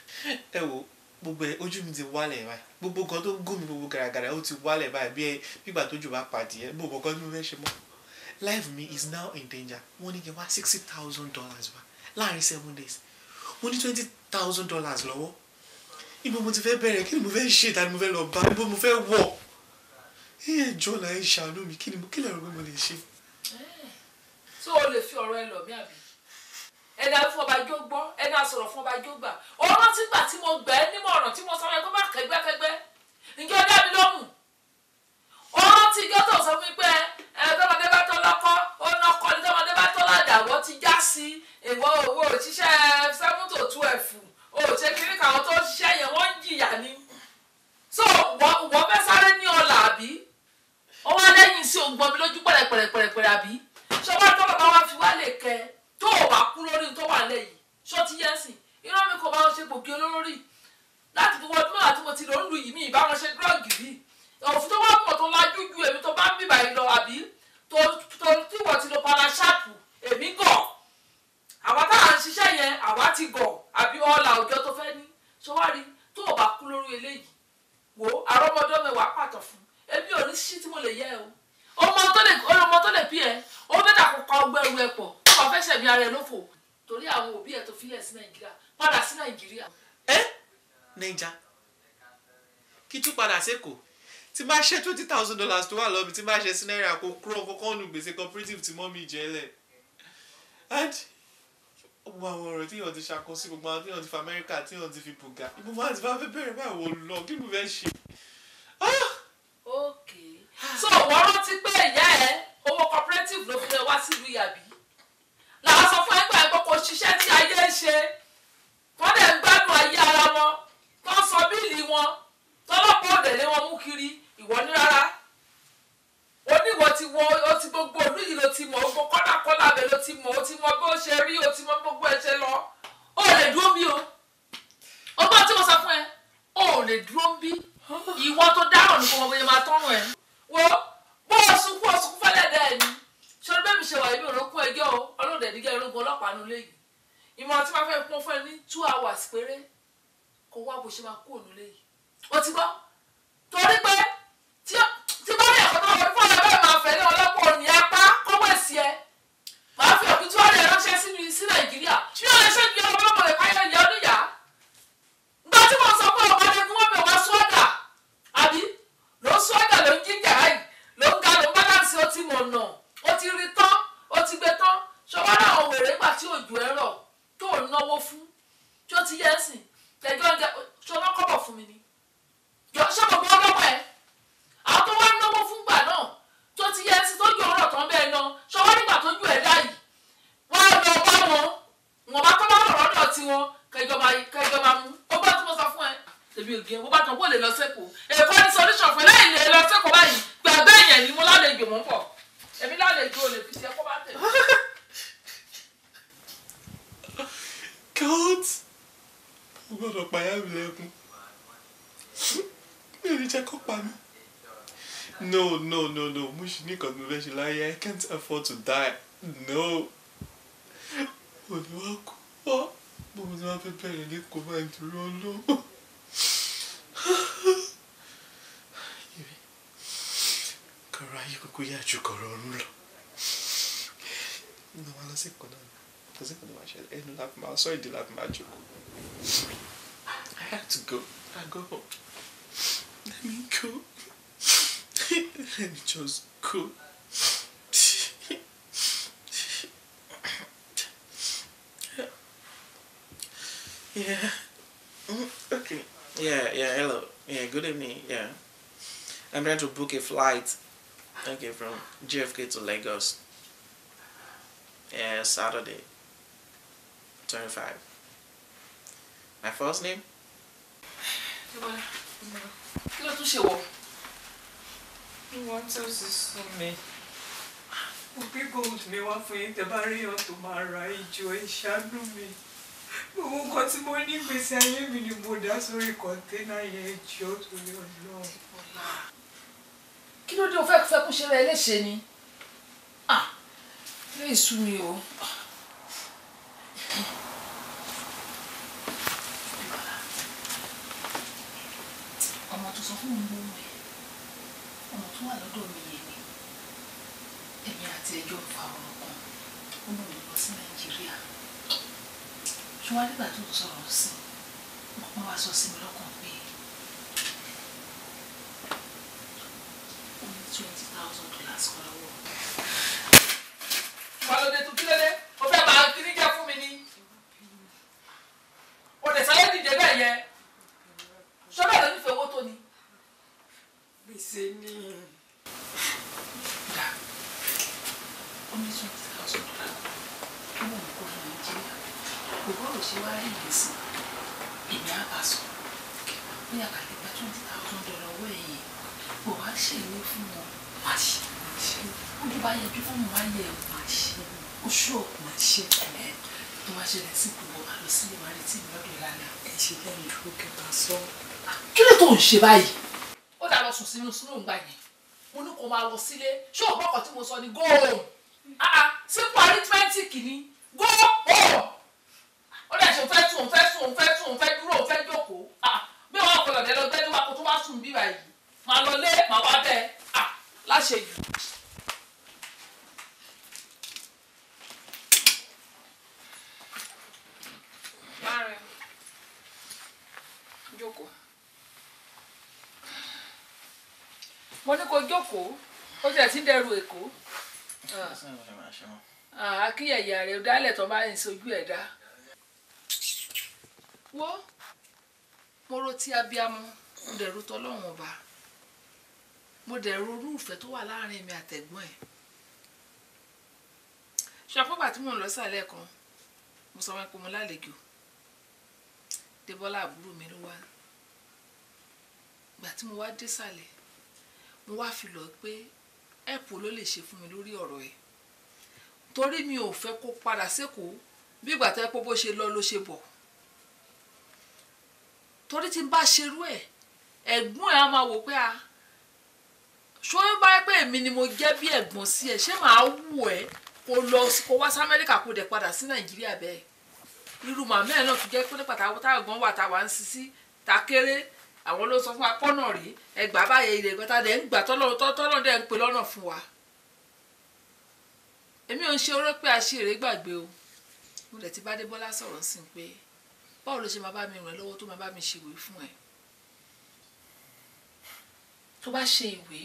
Speaker 1: ẹ wo gbogbo ẹ ojú mi ti wálẹ̀ báyìí gbogbo kan tó gún mi gbogbo garagara ó ti wálẹ̀ báyìí bí ẹ gbígbà tójú bá pàdé ẹ gbogbo kan ní fẹ́ ṣe mọ́ life mi is now in danger wọ́n ní kí n wá sixty thousand dollars wá láàrin seven days mo ní twenty thousand dollars lọ́wọ́ ibo mo ti fẹ́ bẹ̀rẹ̀ kí ni mo fẹ́ ṣe ta ni mo fẹ́ lọ bá ibo mo fẹ́ wọ̀ ẹ jọ̀ọ́ la ẹ ṣàánú mi kí ni mo kí lè rò pé mo
Speaker 4: lè ṣe.
Speaker 2: tó eh, o lè fi ọ̀rọ̀ ẹ lọ mí àbí ẹni àwọn fún ọba jó gbọ́ ẹni àsọ̀rọ̀ fún ọba jó gbà ọ̀rọ̀ tí gbà tí mo gbẹ́ nímọ̀ràn tí mo sọ fún ẹ bá kẹgbẹ́kẹgbẹ́ ǹjẹ́ ó dá mi lóhùn ọ̀rọ̀ tí ìjọ tó sọ fún mi pé ẹ tọmọdé bá tọ́ lọ́kọ́ ó ná kọ́ ni tọmọdé bá tọ́ ládàwọ́ ti já sí ìwọ òwò òṣìṣẹ́ seven to twelve òṣè kíríkà àwọn tó ṣiṣẹ́ yẹn wọ́n ń jìyà ni so wọ́n fẹ́ sáré ní ọ̀là àbí ó wá lẹ́yìn sí ògbọ́n mi lójú pẹ̀rẹ̀pẹ̀rẹ̀pẹ̀rẹ̀ àbí ṣọwọ́ tó bàbá wa fi wá lè kẹ́ tó o bá kú lórí tó wà lẹ́yìn ṣó ti yẹn sìn irọ́ mi kò bá wọn ṣe gbòógì olórórì láti gbogbo ọdún náà tí mo ti lò ń lu yìí mi ìbá wọn ṣe dírọ́ọ̀gì rí òfin tó wá mọ̀ tó lajú ju èmi tó bá ń bìbà yìí lọ àbí tó tí wọ́n ti lo paraṣáàpù èmi gọ̀ àwa táà ń ṣiṣẹ́ yẹn àwa ti gọ̀ àbí ọ̀la òjò tó fẹ́ ní ṣọwárí tó o bá kú lórí eléyìí wò ó àrọ́mọdọ́ mẹ́wàá pàtọ̀ fún èmi ò ní ṣí tí mo lè yẹ o ọmọ tó lè bí ẹ ó bẹ́ẹ̀ dà kó pa ọgbẹ́ ẹrù ẹ pọ̀ kọ́ fẹ́ ṣẹ̀bi ara ẹ̀ lófò torí àwọn òbí ẹ̀ tó filẹ̀ sí nàìjíríà padà sí nàìjíríà. ẹ
Speaker 1: naija kí tún padà sẹ́kọ̀ọ́ tí máa ṣe twenty thousand dollars tó wà lọ́bi tí máa ṣe sí náírà kó kúrò kọ́kọ́ nu gbèsè cooperative tí mọ́ mi jẹ́ lẹ̀ and gbogbo àwọn ọ̀rọ̀ tí yàn ti ṣàkóso gbogbo àwọn tí yàn ti fi amẹ́ríkà tí yàn ti fi bùgà gbogbo àwọn àti bá fẹ́ bẹ̀rẹ̀ báyìí wò lọ kí ló fẹ́ ṣe.
Speaker 2: Ah! ok so wọ́n rántí pé ìyá ẹ owó cooperative ló fi lè wá sílùú yàbí làwọn sọ fún ẹgbẹ́ ẹ̀kọ́ kò ṣiṣẹ́ tí ayé ń ṣe wọ́n dẹ̀ ń gbádùn ayé ara wọn tó ń sọ bíìlì wọn tọ́lọ́pọ̀ òdè lé wọn mú kiri ìwọ ní rárá oníwọ ti wọ ó ti gbogbo olú yìí ló ti mọ̀ gbogbo kọ́dàkọ́dà bẹ̀ ló ti mọ̀ ó ti mọ̀ bí ó ṣe rí ó ti mọ̀ gbogbo ẹ̀ ṣe lọ ó lè dúró bí o ọgbọ́n tí mo sọ fún ẹ ó lè dúró bí ah. ìwọ tó dáràn ní kò bóyá máa tọ́rùn ẹ wo bó o sunkún o sunkún fẹ́lẹ́ dẹ́ ẹ ni ṣé bẹ́ẹ̀ mi ṣe wà èmi ò ló kún ẹjọ́ o ọlọ́dẹ nígbà irúgbó ọlọ́pàá nulẹ̀ yìí ìmọ̀ tí wọ́n fẹ́ pọ́n fún ẹ ní two hours péré kó wá bó ṣe máa kú ònulẹ̀ yìí o ti gbọ́ torí pé tí bá lè fọ́tọ́ wọn fún ọlọ́pàá máa fẹ́ ní ọlọ́pàá òní apá kọ́wọ́ ẹ̀sì ẹ màá fi òkú tí wọ́n lè ránṣẹ́ sí mi sí nàìjíríà tí wọ́n lè ṣe ju ọmọ ọmọ rẹ̀ káyọ̀ ìyá oníyà nígbà tí mo sọ pé ọ̀gá ẹni wọ́n bẹ̀ wá sọ́dà àbí ló sọ́dà ló ń jíjà yìí ló ń ga ló ń bá láti ọtí mọ̀ náà ti rí tán o ti gbé tán ṣọwọ́ náà ò wèrè nígbà tí òjò ẹ rọ̀ tó ò náwó fún tí ó ti yẹ ẹ̀sìn tẹ̀jọ́ ń jẹ ṣọwọ́ kọ́bọ̀ fún mi ni jọ ṣé gbogbo ọlọ́wọ́ ẹ̀ àwọn tó wá náwó fún gbà náà tó ti yẹ ẹ̀sìn tó ju ọ̀rọ̀ tán bẹ́ẹ̀ lọ ṣọwọ́ nígbà tó ju ẹ̀ láyì wọ́n á lọ bá wọn wọn bá tọ́ bá lọ̀rọ̀ náà tiwọn kẹjọba mú ó gbọ́ tí sọ fún ẹ tèmi ògì ẹ̀wọ́ bá tán kó lè lọ sẹ́kọ̀ọ́ èkó ní solution fún ẹ láì lè lọ sẹ́kọ̀ọ́ báyìí gbàgbé yẹn ni mo lálejò mọ́ pọ̀ èmi lálejò olè fi ṣe kó bá tẹ̀.
Speaker 6: God mo gbọ́dọ̀ pààyà mi lẹ́kùn
Speaker 1: mi ò ní jẹ́ kó pa mí. No, no, no, no. Mo ṣì ní nǹkan tí ṣe láyé. I can't afford to die. No.
Speaker 6: Olùwàkùn, bọ́ mo ti máa fẹ́ bẹ̀rẹ̀ ní kò máa ń dúró lọ́wọ́.
Speaker 1: sọ I had to go I go home let me go let me just go. Yeah. Okay. Yeah, yeah, hello. Yeah, good evening. Yeah. I'm trying to book a flight Okay, from JFK to Lagos. Yeah, Saturday. 25. My first name?
Speaker 5: Kí ló tún ṣe wọ̀? Wọ́n tí ó sì sún mi. Mo gbé gold mi wá fún yín tẹ́ bá rí ọ̀tọ̀ máa ra ìjọ ìṣáánú mi. Gbogbo nǹkan tí mo ní gbèsè ayé mi ni mo dá sórí kọ̀ńténà yẹn ìjọ torí Ọlọ́run
Speaker 2: kí ló dé o fẹ́ fẹ́ kún ṣe rẹ̀ léṣe ni ah lè sú mi o. ọmọ tó sọ fún mi mú mi ọmọ tó wà lọ́dọ̀ mi yẹn ni èmi àti ẹjọ́ fa ọ̀rọ̀ kan ó mú mi lọ sí nàìjíríà ṣùgbọ́n nígbà tó sọ̀rọ̀ sí i wọ́n wá sọ sí mi lọ́kàn pé twenty thousand dollars kan lọ́wọ́. wọ́n lọ dé tún kí ló dé o fẹ́ bá kiri ṣe báyìí. ó dá lọ sùn sínú sínú ìgbà yẹn mo ní kó máa lọ sílé ṣé o gbọ́kàn tí mo sọ ni go home sípò arithmetic ni go home ó dẹ̀ ṣe òun fẹ́ sùn òun fẹ́ sùn òun fẹ́ sùn òun fẹ́ dúró òun fẹ́ jókòó ah, ah. bí wọn kọlọ dé lọ gbẹdúwà kó tó wá sùn bí báyìí màá lọ lé màá wá bẹ ah, láṣẹjù. jókòó. mo ní kó jókòó ó ti ẹ̀sìn dẹrù èkó akíyẹ̀yẹ̀ rẹ̀ dálẹ̀ tó bá ń sojú ẹ̀ dá wo mo ro ti abiamu mo dẹ̀ ro tọ́lọ́run ọba mo dẹ̀ ro olúùfẹ́ tó wà láàrin mi àtẹ̀gbọ́n ẹ̀ ṣàpọ̀gbà tí mò ń lọ sàlẹ̀ kan mo sọ wọn pé mo lálejò débọ́lá àbúrò mi ló wá gbà tí mo wá dé sàlẹ̀ mo wá fi lọ pé ẹ̀pù ló lè ṣe fún mi lórí ọ̀rọ̀ ẹ̀ torí mi ò fẹ́ kó padà sékòó bí ìgbà tó yẹ pé bó ṣe lọ ló ṣe bọ̀ torí tí n bá ṣerú ẹ̀ ẹ̀gbọ́n ẹ̀ á máa wò pé a ṣó bá pé èmi ni mo jẹ́ bí ẹ̀gbọ́n sí ẹ̀ ṣé màá wù ẹ́ kó lọ kó wá sí amẹ́ríkà kó dẹ̀ padà sí nàìjíríà bẹ́ẹ̀ irú màmá ẹ̀ náà fi jẹ́ pé pàtàkì gan wà táwa ń sisi ta kéré àwọn ló sọ fún apọ́nà rí ẹgbàá báyẹn ilé ìgbà tàdé ń gbà tọ́lọ́run tọ́lọ́run dẹ̀ ń pè lọ́nà fún wa èmi ò ń ṣe oró pé aṣèrè gbàgbé o mo dẹ̀ ti bá Débọ́lá sọ̀rọ̀ sí i pé báwo ló ṣe máa bá mi ràn lọ́wọ́ tó máa bá mi ṣèwé fún ẹ tó bá ṣe ìwé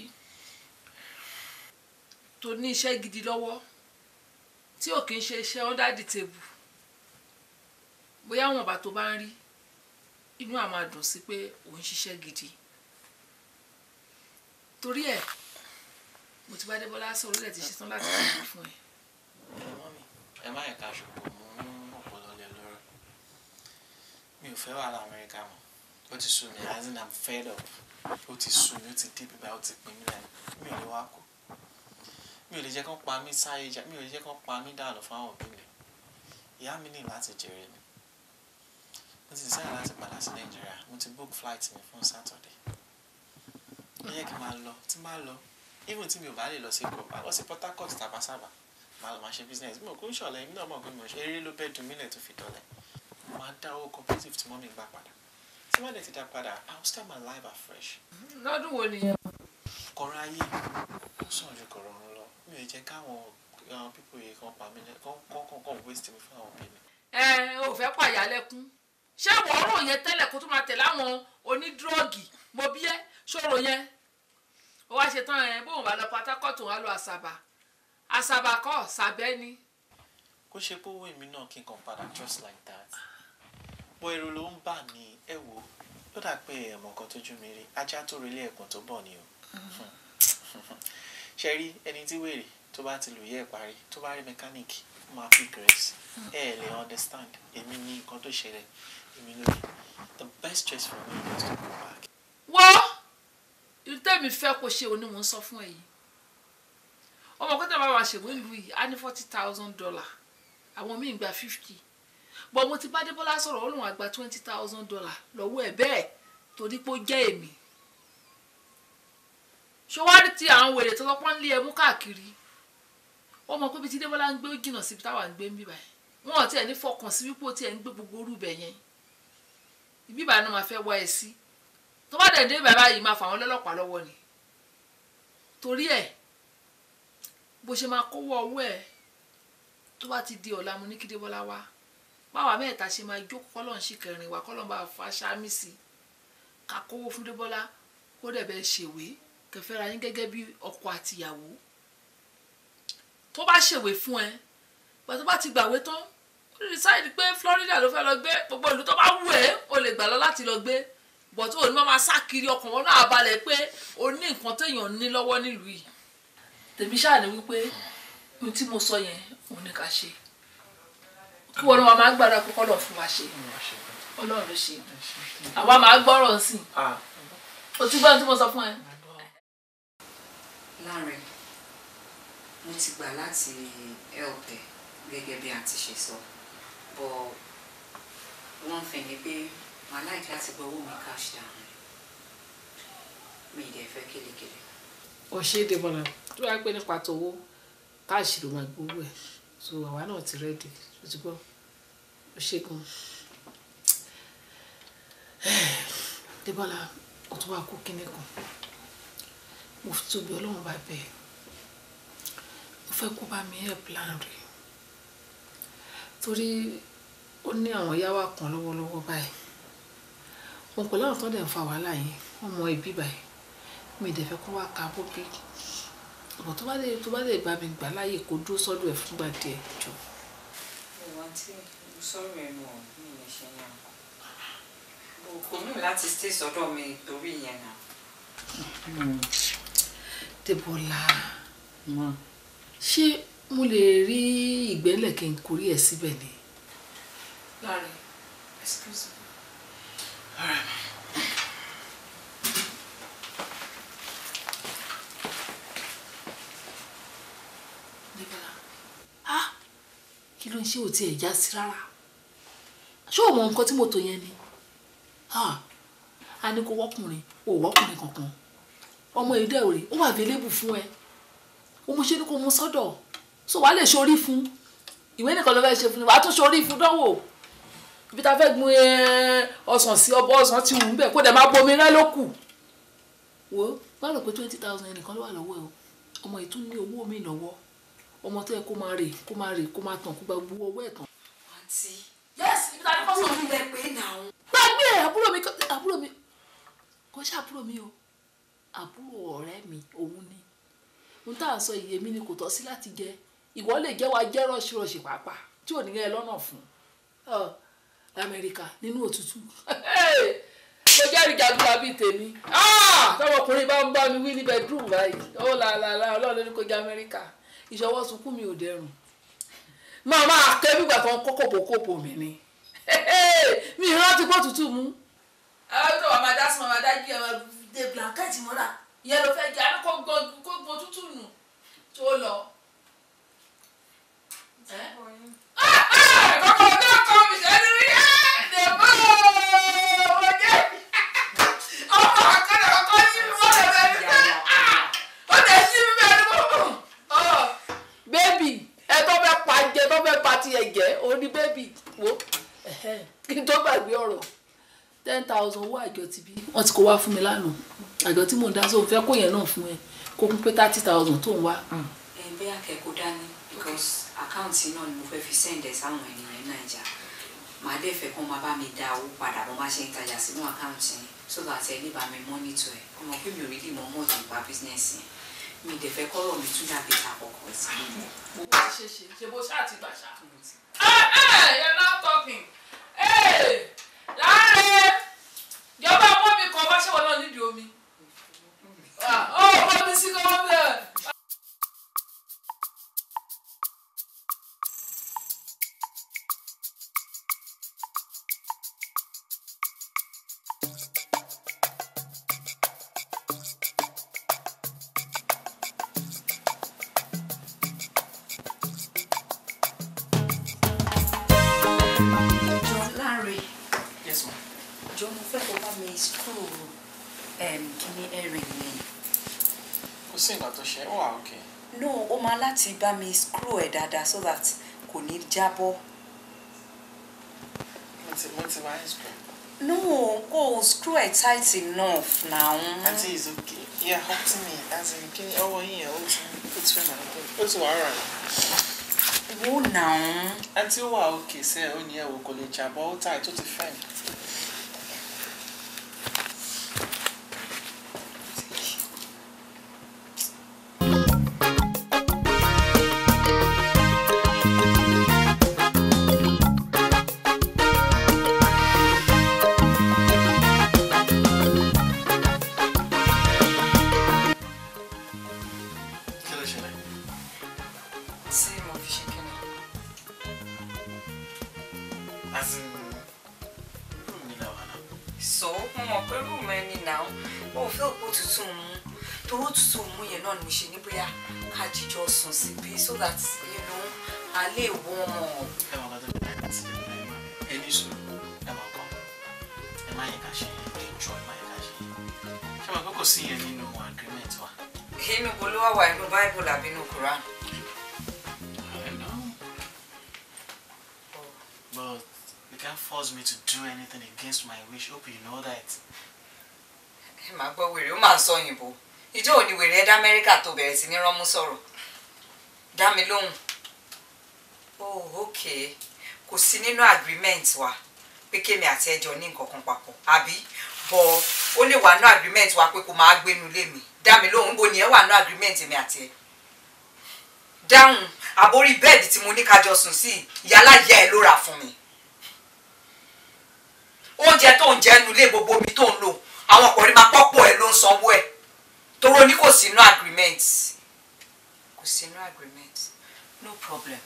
Speaker 2: tó ní iṣẹ́ gidi lọ́wọ́ tí ò kì í ṣe iṣẹ́ under the table bóyá àwọn ọ̀bà bá ń rí inú á máa dùn sí pé òun ṣiṣẹ́ gidi torí ẹ̀ mo ti bá Débọ́lá sọ orílẹ̀ ti ṣetán láti
Speaker 4: ṣe fún ẹ.
Speaker 1: ẹ má ẹ̀ka ṣùgbọ́n mo ọ̀pọ̀lọ́ lẹ lọ́rọ̀ mi ò fẹ́ wà ní Amẹ́ríkà mọ́ ó ti sú mi as i'm fed up ó ti sú mi ó ti dé bíbá ó ti pin mí lẹ́nu mi ò lè wá kú mi ò lè jẹ́ kán pa mí sáyé jà mi ò lè jẹ́ kán pa mí dànù fáwọn òbí mi ìyá mi ní láti jèrè mi mo ti sáyà láti padà sí nàìjíríà mo ti book flight mi fún saturday ó yẹ kí n máa lọ tí máa lọ even tí mi ò bá lè lọ sí èkó máa lọ sí port harcourt tàbá sábà máa lọ máa ṣe business mi ò kó ń ṣọlẹ èmi náà mọ̀ pé mi ò ṣe eré ló bẹ́ẹ̀ dùn mí lẹ̀ tó fi dọ́lẹ̀ máa dá owó cooperative tí mọ́mí gbà padà tí wọ́n dẹ̀ ti dá padà i will start my life afresh.
Speaker 2: Mm-hmm. lọ́dún wo nìyẹn.
Speaker 1: kọ̀rọ̀ ayé ó sàn ju kọ̀rọ̀ ọ̀run lọ mi ò jẹ́ káwọn àwọn pípò yìí kan pa mí lẹ́ kọ́ńkọ́ńkọ́ waste mi fún àwọn òbí mi. ẹ
Speaker 2: ò fẹ́ pàyà lẹ́kún ṣé wọ́ọ́rọ̀ yẹn tẹ́lẹ̀ kó tó máa tẹ̀lé àwọn onídírọ́ọ̀gì mo bí ẹ́ ṣòro yẹn ó wá ṣe tán ẹ bóun bá lọ pátákọ́ọ̀tù wọn á lọ àṣàbà àṣàbà
Speaker 1: kọ́ ṣàbẹ́ ni. kó ṣe pé owó èmi náà kí n kàn padà just like that bó èrò ló ń bà ní ẹ wò ó dà pé ẹ̀mọ̀ kan tójú mi rí ajá tó relé ẹ̀kún tó bọ̀ ni o mm-hmm. ṣe rí ẹni tí wèrè tó bá ti lòye ẹ̀ parí tó bá rí mẹkáníìkì máa fi grace ẹ ẹ lè understand èmi ní nǹkan tó ṣẹlẹ̀ èmi lóye the best choice for me is to go back.
Speaker 2: wọ́n irú tẹ́mi fẹ́ kó ṣe òní mò ń sọ fún ẹ yìí ọmọ kọ́tà bá wà ṣègùn ìlú yìí á ní forty thousand dollar àwọn míì gba fifty bọ́ mo ti bá Débọ́lá sọ̀rọ̀ ó lóun àgbà twenty thousand dollar lọ́wọ́ ẹ̀ bẹ́ẹ̀ torí pé ó jẹ́ èmi ṣọwárí ti àwọn wèrè tó lọ́pọ́ ń lé ẹmú káàkiri wọ́n mọ̀ pé ibi tí débọ́lá ń gbé ó jìnnà síbi táwa ń gbé ń bíbá yẹn wọn ò tiẹ̀ ní fọkàn sí wípé ó tiẹ̀ ń gbé gbogbo orú ibẹ̀ yẹn bíbá ni màá fẹ́ wá ẹ sí tó bá dẹ̀ dé bàbá yìí máa fà wọ́n lọ́lọ́pàá lọ́wọ́ ni torí ẹ̀ bó ṣe máa kówó ọwọ́ ẹ̀ tó bá ti di ọ̀la mu ní kí débọ́lá wá báwa mẹ́ta ṣe máa jókòó kọ́lọ́n sì kẹrin wa kọ́lọ́n bá fa ṣáámi sí ká kówó fún débọ́lá kó dẹ̀ bẹ́ẹ̀ ṣèwé kẹfẹ́ ra yín gẹ́gẹ́ bí ọkọ àtìyàwó tó bá ṣèwé fún ẹ gbà tó bá ti gbàwé tán ó lè decide pé Florida ló fẹ́ lọ gbé gbogbo ìlú tó bá wù ẹ́ o lè gbà lọ láti lọ gbé but òun máa máa sákiri ọkàn wọn náà balẹ̀ pé o ní nǹkan téèyàn ní lọ́wọ́ nílùú yìí tèmi ṣáà wípé ohun tí mo sọ yẹn òun ní ká ṣe kí wọn náà máa gbára pé kọ́lọ̀ fún wa ṣe ọlọ́run ló ṣe àwa máa gbọ́rọ̀ sí i ah. o ti gbọ́ ohun tí mo sọ fún ẹ.
Speaker 3: láàrin mo ti gbà láti help ẹ gẹ́gẹ́ bí a ti ṣe sọ bọ̀ wọ́n fẹ̀ ní pé màá láìpẹ́ láti gbọ́ owó mi cash down mi ìdẹ̀ fẹ́ kélékèlé.
Speaker 2: ọ̀ṣẹ́ dèbọ̀nà tó wáá pé nípa tówó káàṣì ló máa gbowó ẹ̀ so àwa náà ti rẹ́dì ó ti gbọ́ ó ṣe gan. dèbọ̀nà ó tún wáá kó kinní kan mo fi tóbi ọlọ́run bá bẹ́ẹ̀ fẹ́ kó bá mi help Lanre torí ó ní àwọn yáwá kan lọ́wọ́lọ́wọ́ báyìí mo pẹ̀lú àwọn tó dẹ̀ ń fa wàhálà yìí wọ́n mọ ibi báyìí mi dẹ̀ fẹ́ kó wá ka bóbi ọ̀pọ̀ tó bá lè tó bá lè bá mi gbà láàyè kó dúró sọ́dọ̀ ẹ̀ fúngbà díẹ̀ jù.
Speaker 3: ìwọ tí o kò ní láti stay sọ́dọ̀ mi torí yẹn náà.
Speaker 2: Hmm. Débọ̀lá. Mm ṣé mo lè rí ìgbẹ́lẹ̀ kí n kórí ẹ̀ síbẹ̀ ni. Larry, excuse me. All right. kí ló ń ṣe òtí ẹ̀já sí rárá ṣé o mọ nǹkan tí mo tò yẹn ni a ní kó wọ́kùnrin ò wọ́kùnrin kankan ọmọ ìdẹ́wòrè ó wà available fún ẹ o mo ṣe ní kó mu sọ́dọ̀ so wàá lè ṣorí fún ìwé nìkan ló fẹ́ ṣe fún ni wàá tún ṣorí fún dánwò ibi tá a fẹ́ gbin eh, ọsàn sí ọbọ ọsàn ti wù ú bẹ́ẹ̀ kó dẹ̀ máa bomi rẹ́ ló kù wò ó bá rò pé twenty thousand ẹnìkan ló wà lọ́wọ́ ẹ o ọmọ ìtún ní owó mi lọ́wọ́ ọmọ tó yẹ kó máa rè kó máa rè kó máa tàn kó gba gbogbo owó ẹ̀ tán. àǹtí yes ibi tá a fọ́ sọ̀rọ̀ ilẹ̀ pé náà. gbàgbé àbúrò mi àbúrò mi kò ṣe àbúrò mi o àbúrò ọ̀rẹ́ mi òun ni n tá à sọ iye ni kò tọ́ sí láti jẹ ìwọ lè jẹ́ wa jẹ́ rọ́ṣirọ́ṣì pàápàá tí ò ní rẹ lọ́nà fún lamẹ́ríkà nínú òtútù mo jẹ́rìí jagunla bíi tèmi ah! tọmọkùnrin bá ń bá mi wí ní bedroom báyìí ó la la la ọlọ́run ní kò jẹ́ amẹ́ríkà ìṣọwọ́ sunkún mi ò dẹrùn máa máa kẹ́ bígbà tó ń kọ́ kòpòkòpò mi ni mi ìrántí kó tutù mú. àwọn tó máa dá sí máa dá jí ẹ dé blanket mọ́ra ìyẹn ló fẹ́ jẹ àná kó gbó tútù nù tó lọ. kọ́kọ́ tó kọ́ mi sẹ́nu rí ẹ̀ ẹ̀ bọ́ ọjọ́ ọmọ àkọ́dọ̀ kọ́kọ́
Speaker 4: sí mi wọ́n lọ bẹ́ẹ̀ ní sẹ́nu ó lè sí mi bẹ́ẹ̀ ní mọ́.
Speaker 2: bébì ẹ tó fẹ́ pa jẹ tó fẹ́ pa tiẹ̀ jẹ́ ó ní bébì wo kí n tó gbàgbé ọ̀rọ̀ ten thousand owó àjọ ti bí wọ́n ti kó wá fún mi lánàá àjọ tí mò ń dá sóò fẹ́ kó yẹn náà fún ẹ kó kún pé thirty thousand tó ń wá. Hmm.
Speaker 3: ẹ ń bẹ́ dání because àkáǹtì náà ni mo fẹ́ fi send ẹ̀ sáwọn ènìyàn ní nàìjà màá dẹ̀ fẹ́ kó máa bá mi dá owó padà bó má ṣe ń tajà sínú àkáǹtì yẹn so that ẹ lè bá mi monitor ẹ̀ ọmọ pé mi ò rí lè mọ mọ́ nípa business yẹn mi dẹ̀ fẹ́ kọ́rọ̀ mi tún dàbí àkọ́kọ́ sí i.
Speaker 2: mo bá ṣe ṣe ṣe you're not talking. láàárẹ̀ ìjọba ọmọ mi kan bá ṣe wọlé nídìí omi.
Speaker 4: Ah, oh, pode se
Speaker 3: ó máa láti bá mi screw ẹ̀ dáadáa so that kò ní jábọ́.
Speaker 1: mo ti mo screw.
Speaker 3: no kò screw tight enough now. àti
Speaker 1: is okay yeah help me as in can ni ọwọ́ yìí yẹn ó ti ó ti fẹ́ máa ń tẹ̀ ó ti wà á rà wò náà. àti ó wà òkè sẹ́ ẹ̀ ó ní ẹ̀wò
Speaker 3: d'Amẹ́ríkà tó bẹ̀rẹ̀ sí ní ránmú sọ̀rọ̀ dá mi lóhùn oh ok kò sí nínú agreement wa pé kémi àti ẹjọ ní nǹkan kan papọ̀ àbí bọ̀ ó lè wà nú agreement wa pé kò máa gbénu lé mi dá mi lóhùn bó ni ẹ wà nú agreement mi àti ẹ dáhùn àbórí bẹ́ẹ̀dì tí mo ní kájọ sùn sí ìyálà ìyá ẹ ló rà fún mi oúnjẹ tó ń jẹ nulẹ̀ gbogbo omi tó ń lò àwọn ọkùnrin máa pọ́pọ̀ ẹ ló ń sanwó ẹ̀ toro ní kò sínú agreement kò sínú agreement no problem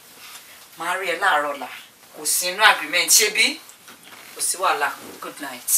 Speaker 3: Maria rí ẹ láàárọ̀ ọ̀la kò agreement ṣebí kò sí wàhálà good night.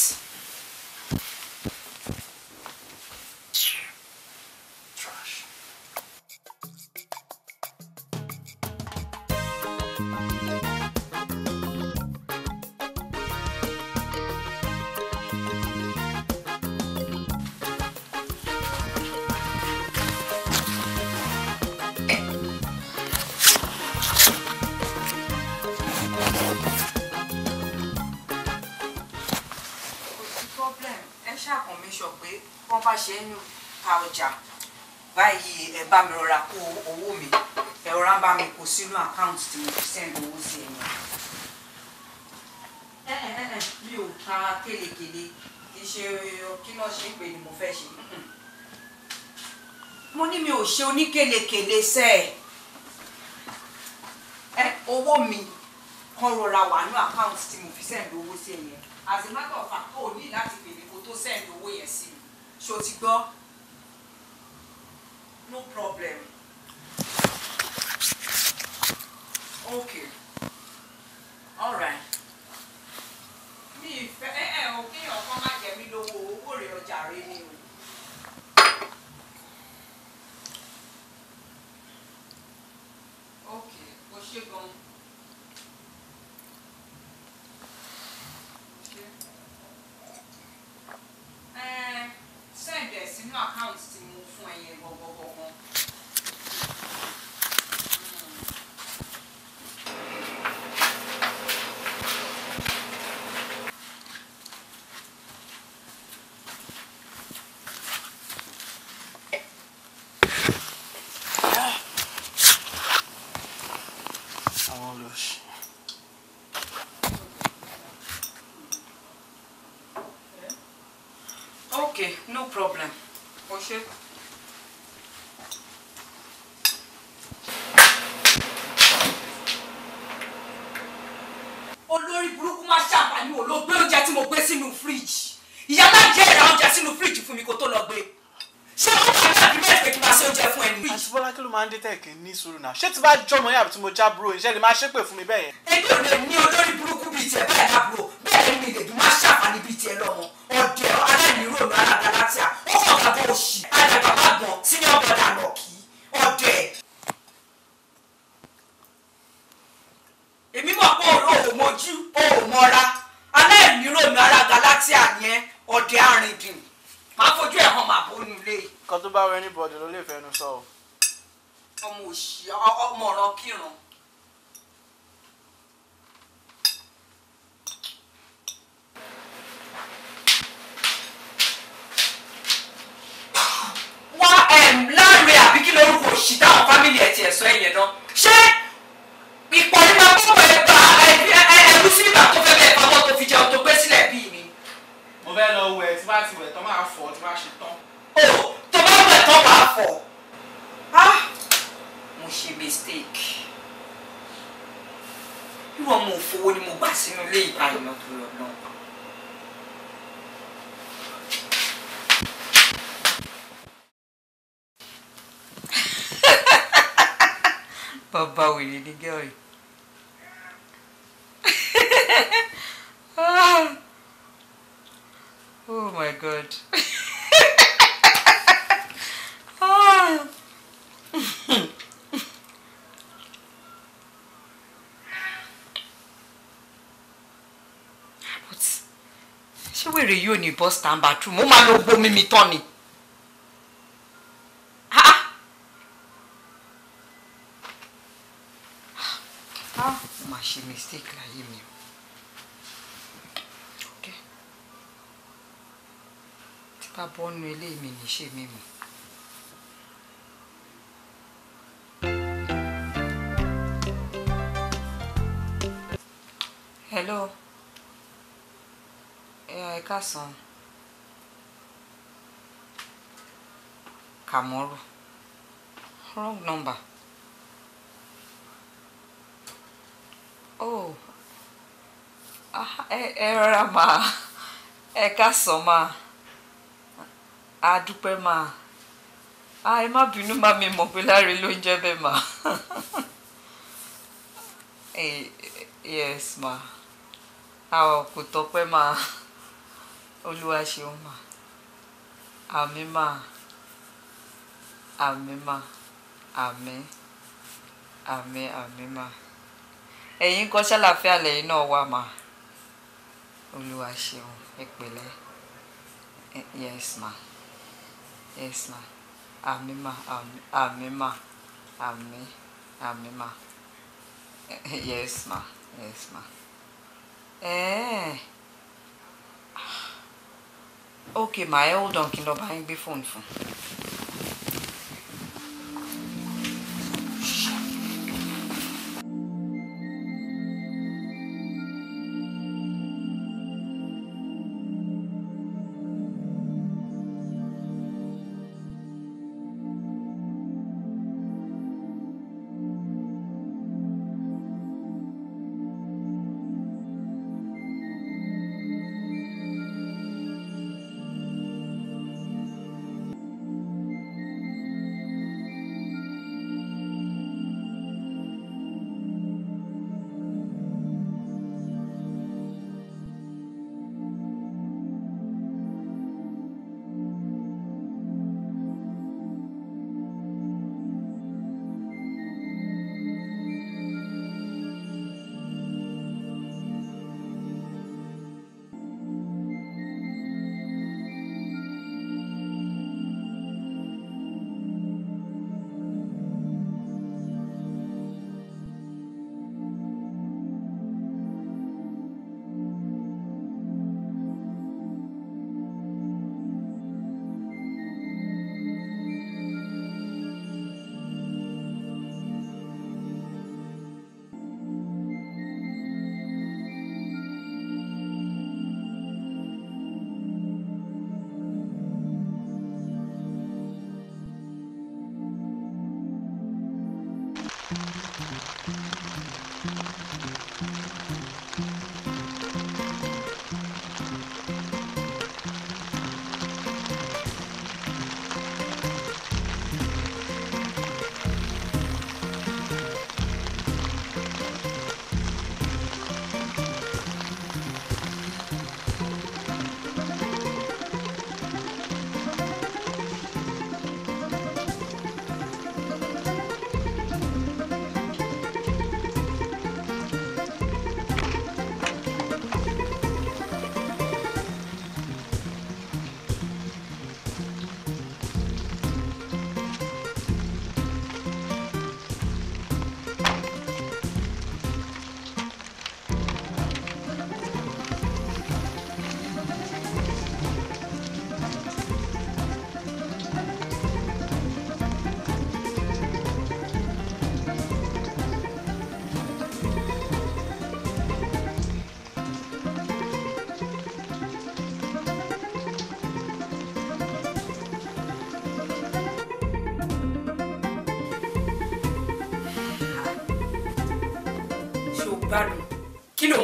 Speaker 3: bá mi rọra kó owó mi ẹ̀ bá mi kó sínú àkáǹtì tí mo fi send owó sí ẹ̀yìn mi ò ta kélekèle kì í ṣe kí náà ṣe ń pè ní mo fẹ́ ṣe. mo ní mi ò ṣe oníkélekèle sẹ́ ẹ owó mi kan rọra wà ní àkáǹtì tí mo fi sẹ́ǹdì owó sí ẹ̀yẹn as a matter of fact kò ní láti pè mí kó tó sẹ́ǹdì owó yẹn sí mi ṣó ti gbọ́. no problem. Okay. All right. Me, eh, ẹ̀ eh, ẹ̀ o kí ọkọ má jẹ mí lówó owó rẹ̀ ọjà rẹ̀ problem. o ṣe. olórí burúkú máa ṣàǹfààní
Speaker 1: wò ló gbé oúnjẹ tí mo gbé sínú fíríjì ìyá má jẹ́ ìra oúnjẹ sínú fíríjì fún mi kó tó lọ gbé ṣé ó bá ní àbílẹ̀ pé kí n máa ṣe oúnjẹ fún ẹni. àti bọ́lá kí ló máa ń dé tẹ̀ kí n ní sùúrù náà ṣé tí bá jọmọ yàrá tí mo já bro ìṣẹ́ lè máa ṣépè fún mi bẹ́ẹ̀ yẹn.
Speaker 3: wèrè yóò ní bus stand bathroom ó máa lọ gbomi mi tán ni. mo máa ṣe mistake láyé mi o. tí bá bọ́nu ilé mi ní ṣe mímu. hello. cação. Camoro. Wrong number. Oh. Ah, era má. É cação A dupe Ah, ẹ má bínú má mi mọ̀ pé láre Yes, ma. Ah, kò tọ́pẹ́ máa. olúwa ṣeun mà àmín mà àmín mà àmín àmín àmín mà ẹ̀yin kan ṣàlàfíà lẹ́yìn náà wà mà olúwa ṣeun ẹ pẹ̀lẹ́ yes ma yes ma àmín mà àmín mà àmín àmín mà yes ma yes ma. Eh. okay my old donkey no n lọ bá yín fún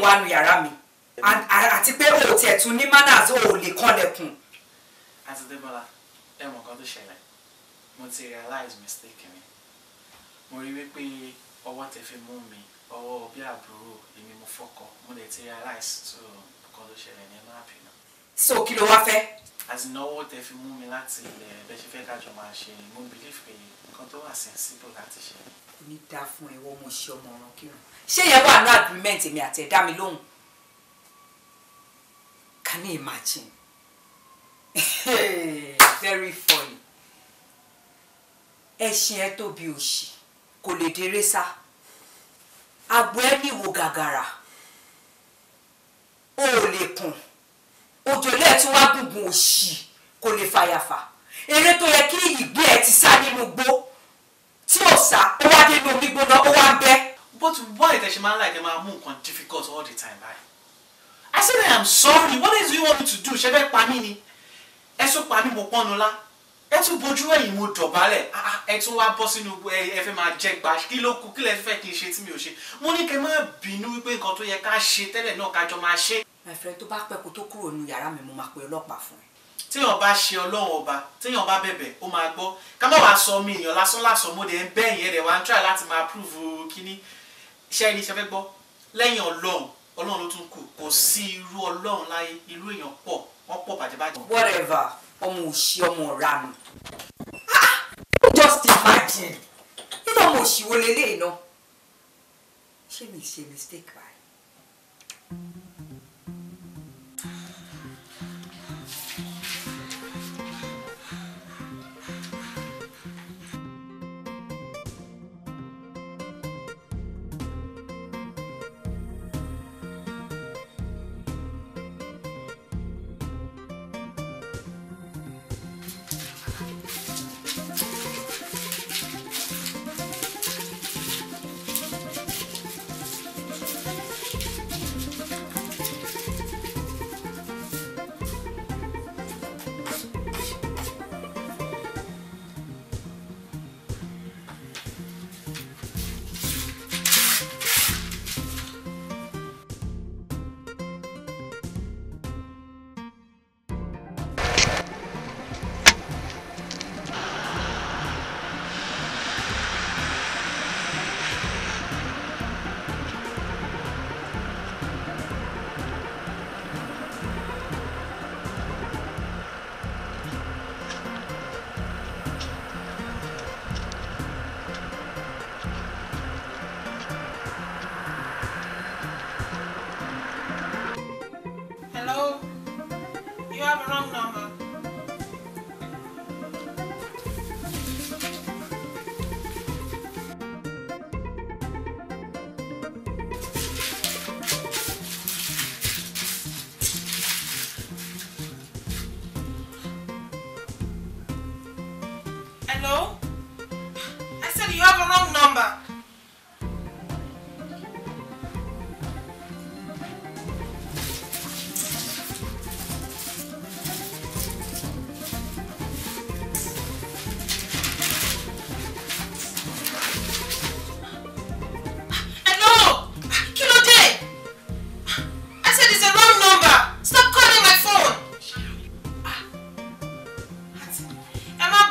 Speaker 3: wá nu yàrá mi àti pé o tiẹ̀ tún ní manners o lè kànlẹ̀kùn.
Speaker 1: àti débọlá ẹ mọ nǹkan tó ṣẹlẹ̀ mo ti realize mistake mi mo rí wípé ọwọ́ tẹ fi mú mi ọwọ́ bí àbúrò èmi mo fọkọ mo lè ti realize so nǹkan tó ṣẹlẹ̀ ní ẹ má bínú so kí ló wá fẹ́. àsìnáwó tẹ fi mú mi láti ilẹ̀ bẹ́ẹ̀ ṣe fẹ́ kájọ máa ṣe mo believe pé nǹkan tó wà sensible láti ṣe. mi
Speaker 3: dá fún ẹ wọ́n mo ṣe ọmọ ọ̀ràn kírun ṣé yẹn wà ní agreement èmi àti ẹ̀dá mi lóhùn can you imagine very funny ẹṣin ẹ tóbi òṣì kò lè déré sá agbo ẹ níwò gàgàrà o ò lè kùn òjòlé ẹ tún wá gbùngbùn òṣì kò lè fàyàfà eré
Speaker 1: tó yẹ kí ìgbé ẹ ti sá nínú gbó tí ò sá ó wá dénú omi gbóná ó wá ń bẹ́ẹ̀ but why does she man like láì tẹ máa difficult all the time báyìí I said I am sorry what is you want me to do ṣe fẹ́ pa mí ni ẹ tún pa mí mo pọ́nu la? ẹ tún bojú ẹ̀yìn mo dọ̀bálẹ̀ ah, ah, ẹ tún wá bọ́ sínú ẹ fẹ́ máa jẹ gbà kí ló kù kí lẹ fẹ́ kí n ṣe tí mi ò ṣe mo ní kẹ má bínú wípé nǹkan tó yẹ ká ṣe tẹ́lẹ̀ náà kájọ máa ṣe. my friend to bá pẹ́ kó tó kúrò nínú yàrá mi mo máa pe ọlọ́pàá fún ẹ. ba. bá ṣe ọlọ́run ọba téèyàn bá bẹ̀bẹ̀ ó máa gbọ́ ká má wàá sọ mi èèyàn lásán lásán mo dẹ̀ ń bẹ́yìn ẹ̀ dẹ̀ wá ń try láti máa prove kíní iṣẹ́ ilé iṣẹ́ fẹ́ gbọ́ lẹ́yìn ọlọ́run ọlọ́run ló tún kù kò sí irú ọlọ́run láyé irú èèyàn pọ̀ wọ́n pọ̀ bàjẹ́bàjẹ́. whatever ọmọ òṣì ọmọ ọ̀ra mi
Speaker 3: ah! just imagine nínú ọmọ òṣì wo lélẹ́yìn e náà ṣé mi ṣe mistake báyìí.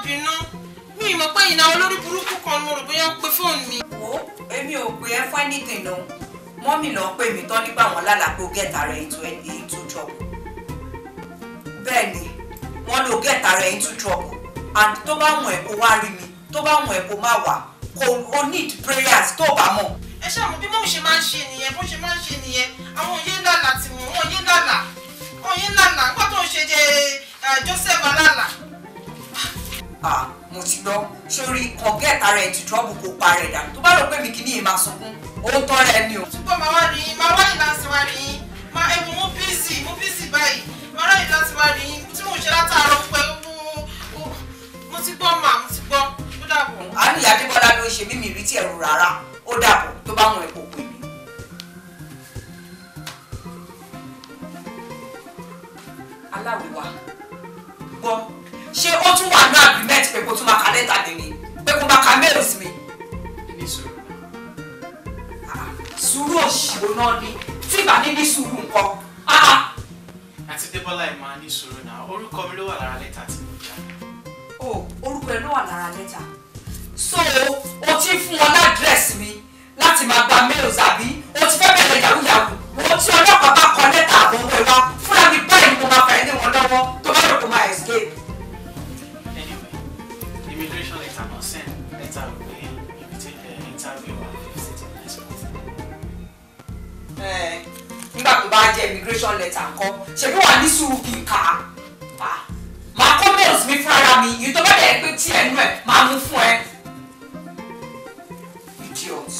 Speaker 3: bínú mi ì mọ̀ pé ìyìnà olórí burúkú kan mo rò bóyá ó pe fóònù mi. wo èmi ò pè ẹ fún anything lòun mọ́mì lọ pé mi tán nípa àwọn lálàpọ̀ gẹ̀ẹ́ta rẹ̀ into into trouble bẹ́ẹ̀ ni wọ́n lo gẹ̀ẹ́ta rẹ̀ into trouble and tó bá wọn ẹ̀ kó wá rí mi tó bá wọn ẹ̀ má wà kò o need prayers tó bá mọ̀.
Speaker 1: ẹ ṣàmù bí mọ́mì ṣe máa ń ṣe nìyẹn bó ṣe máa ń ṣe nìyẹn àwọn òye lálà tì wọ́n òye lálà
Speaker 3: òye lálà nígbà tó ń ṣe jẹ Joseph alálà à mo ti lọ sórí kan gẹ́ẹ̀ta rẹ̀ ti trọ́bù kó pa rẹ̀ dà tó bá rò pé mi kì í ní ìmà sunkún òun tọ́ rẹ̀ ni o.
Speaker 1: ṣùgbọ́n màá wá rí i màá wá ní láti wá rí i màá ẹ mú bíìsì
Speaker 3: mú bíìsì báyìí màá rá yìí láti wá rí i tí mò ń ṣe látàárọ̀ pé mo ti gbọ́ mà mo ti gbọ́ ó dàbọ̀. àánú ìyá Adébọ́lá ló ń ṣe mímì rí tí ẹ̀rù rárá ó dàbọ̀ tó bá wọn ẹ̀kọ́ pè mí. aláwìwá gbọ́ ṣé ó tún wà ní agreement pé kó tún máa ka lẹ́tà dé mi pé kó máa ka mails mi. ní sùúrù náà. Ah, sùúrù òṣìwò náà ni tí ìgbà ní ní sùúrù nǹkan. Ah,
Speaker 1: ah. àti débọ́lá ẹ̀ máa ní sùúrù náà orúkọ mi ló wà lára lẹ́tà tí mo jà.
Speaker 3: o orúkọ ẹ ló wà lára lẹ́tà so o ti fún wọn ládírẹ́sì mi láti máa gba mails àbí o ti fẹ́ bẹ̀rẹ̀ yahoo yahoo wo ọlọ́pàá bá kọ lẹ́tà àbọ̀wọ́ ẹ wá
Speaker 4: fúnra mi báyìí ni mo máa fà ẹ́ wọn lọ́wọ́
Speaker 1: tó bá rò kó máa escape immigration letter náà send letter pé eh, interview wa fifteen to
Speaker 4: next month.
Speaker 3: nígbà tó bá jẹ́ immigration letter ńkọ́ ṣebí wàá ní sùúrù kí n kà á máa kọ́ mails mi fúnra mi yìí tó bá dẹ̀ pé tí ẹnu ẹ̀ máa mú fún
Speaker 4: ẹ. idiot.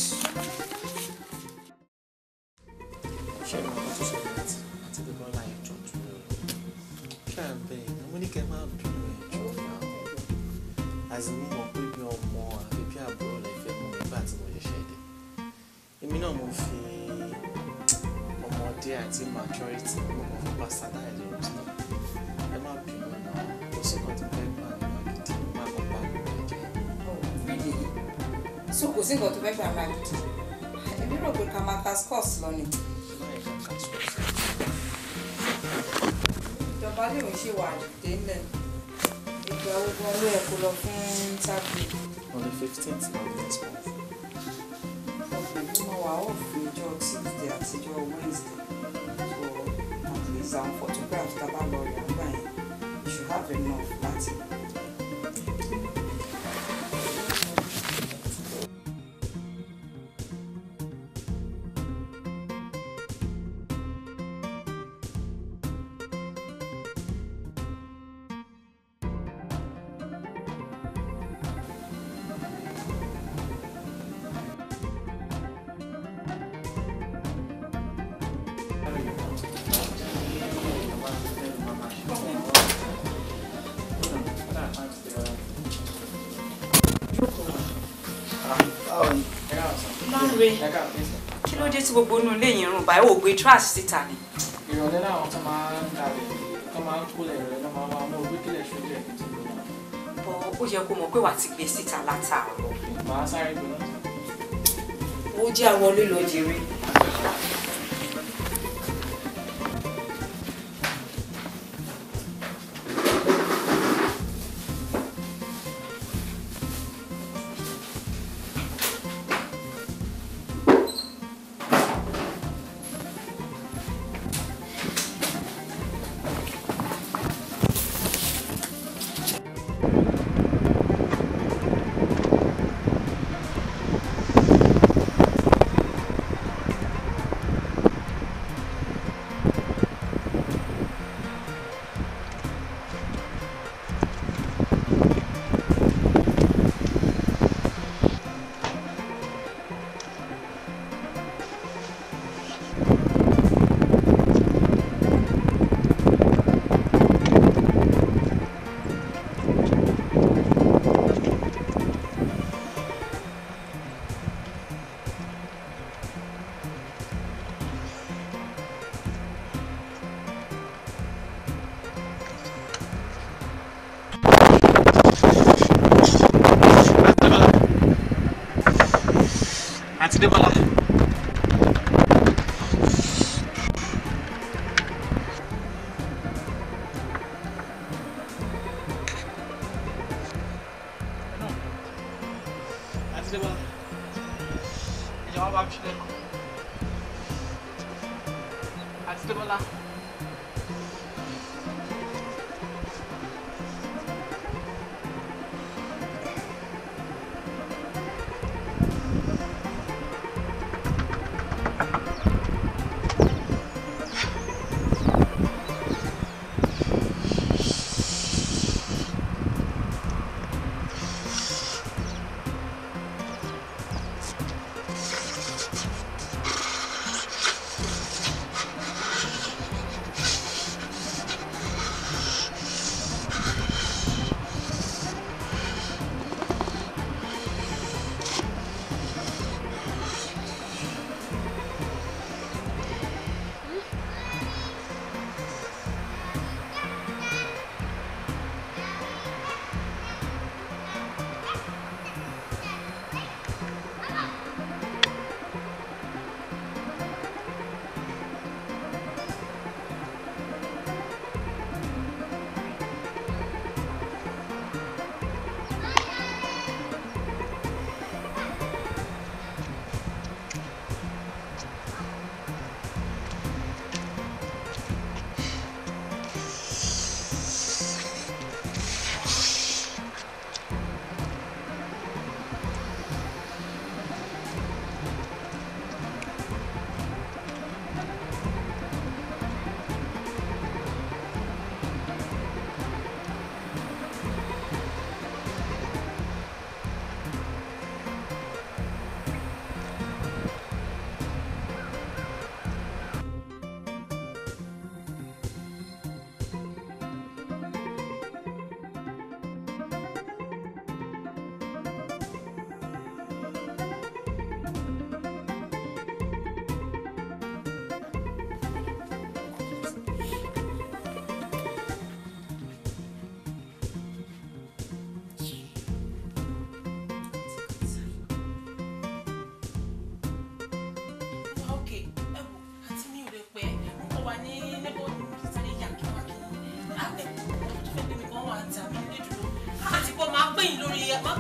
Speaker 4: ṣé ìwà ọmọ tó ṣe láti àti bíbọ́lá
Speaker 1: ìjọ́jú rẹ̀ kí à ń bẹ̀ ẹ̀ ní wọ́n máa bí àti mo mọ̀ pé bí ọmọ àfi bí àbúrò lè fẹ́ mọ̀ nígbà tí mo ṣẹ̀ṣẹ̀ dé èmi náà mo fi ọmọdé àti maturity mo mọ̀ fún pàṣádà ẹ̀ lórí ọ̀sán ẹ má bínú náà o sí kan tó fẹ́ gbà nígbà
Speaker 4: gidi má kọ́ bá mi jẹ́.
Speaker 3: really
Speaker 1: so kò sí nǹkan tó fẹ́ gbà
Speaker 3: máa gidi èmi rò pé ká máa pass course lọ ni. ìjọba lè ń ṣe wà dé ńlẹ̀ ìgbà owó ló yẹ kó lọ fún interview.
Speaker 1: on the fifteenth of this month.
Speaker 3: ọ̀pẹ̀ tí mo wà ó fún ìjọ tuesday àtijọ́ wednesday so at least àwọn photographs tá a bá lọ yàgbà yẹn you should have enough láti. olórí kí ló dé tí gbogbo inú ilé yìí ń rùn báyìí ò gbé trash síta ni. ìrọ̀lẹ́ làwọn tó máa ń dalẹ̀ tó máa ń kólẹ̀ rẹ̀ ló máa máa mú kílẹ̀ sójú ẹ̀ tó lọ. bọ ó yẹ kó mọ pé wàá ti gbé síta látàárọ̀. màá sáré gbé ó jẹ́ àwọn olè lọ́ọ́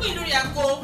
Speaker 2: pè lórí àgọ́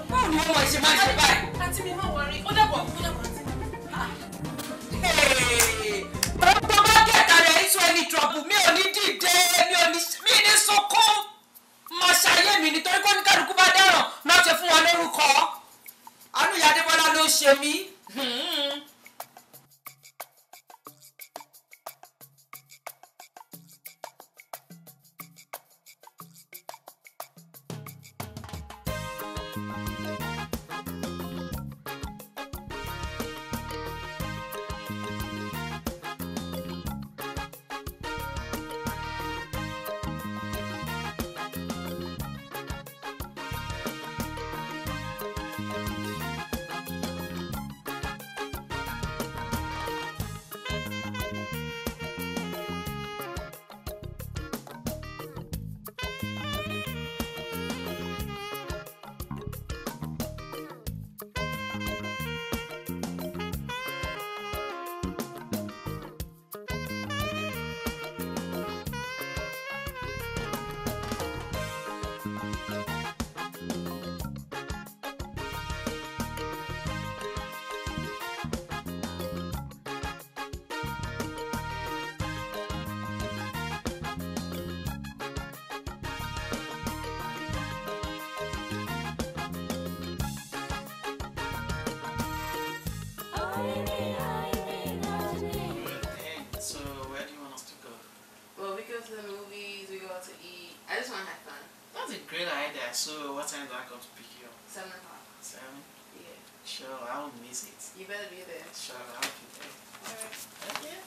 Speaker 1: inside that. So what time do I come to pick you up? Seven o'clock. Seven? Yeah. Sure, I won't miss it. You better be there. Sure, I'll be there. Alright. Okay.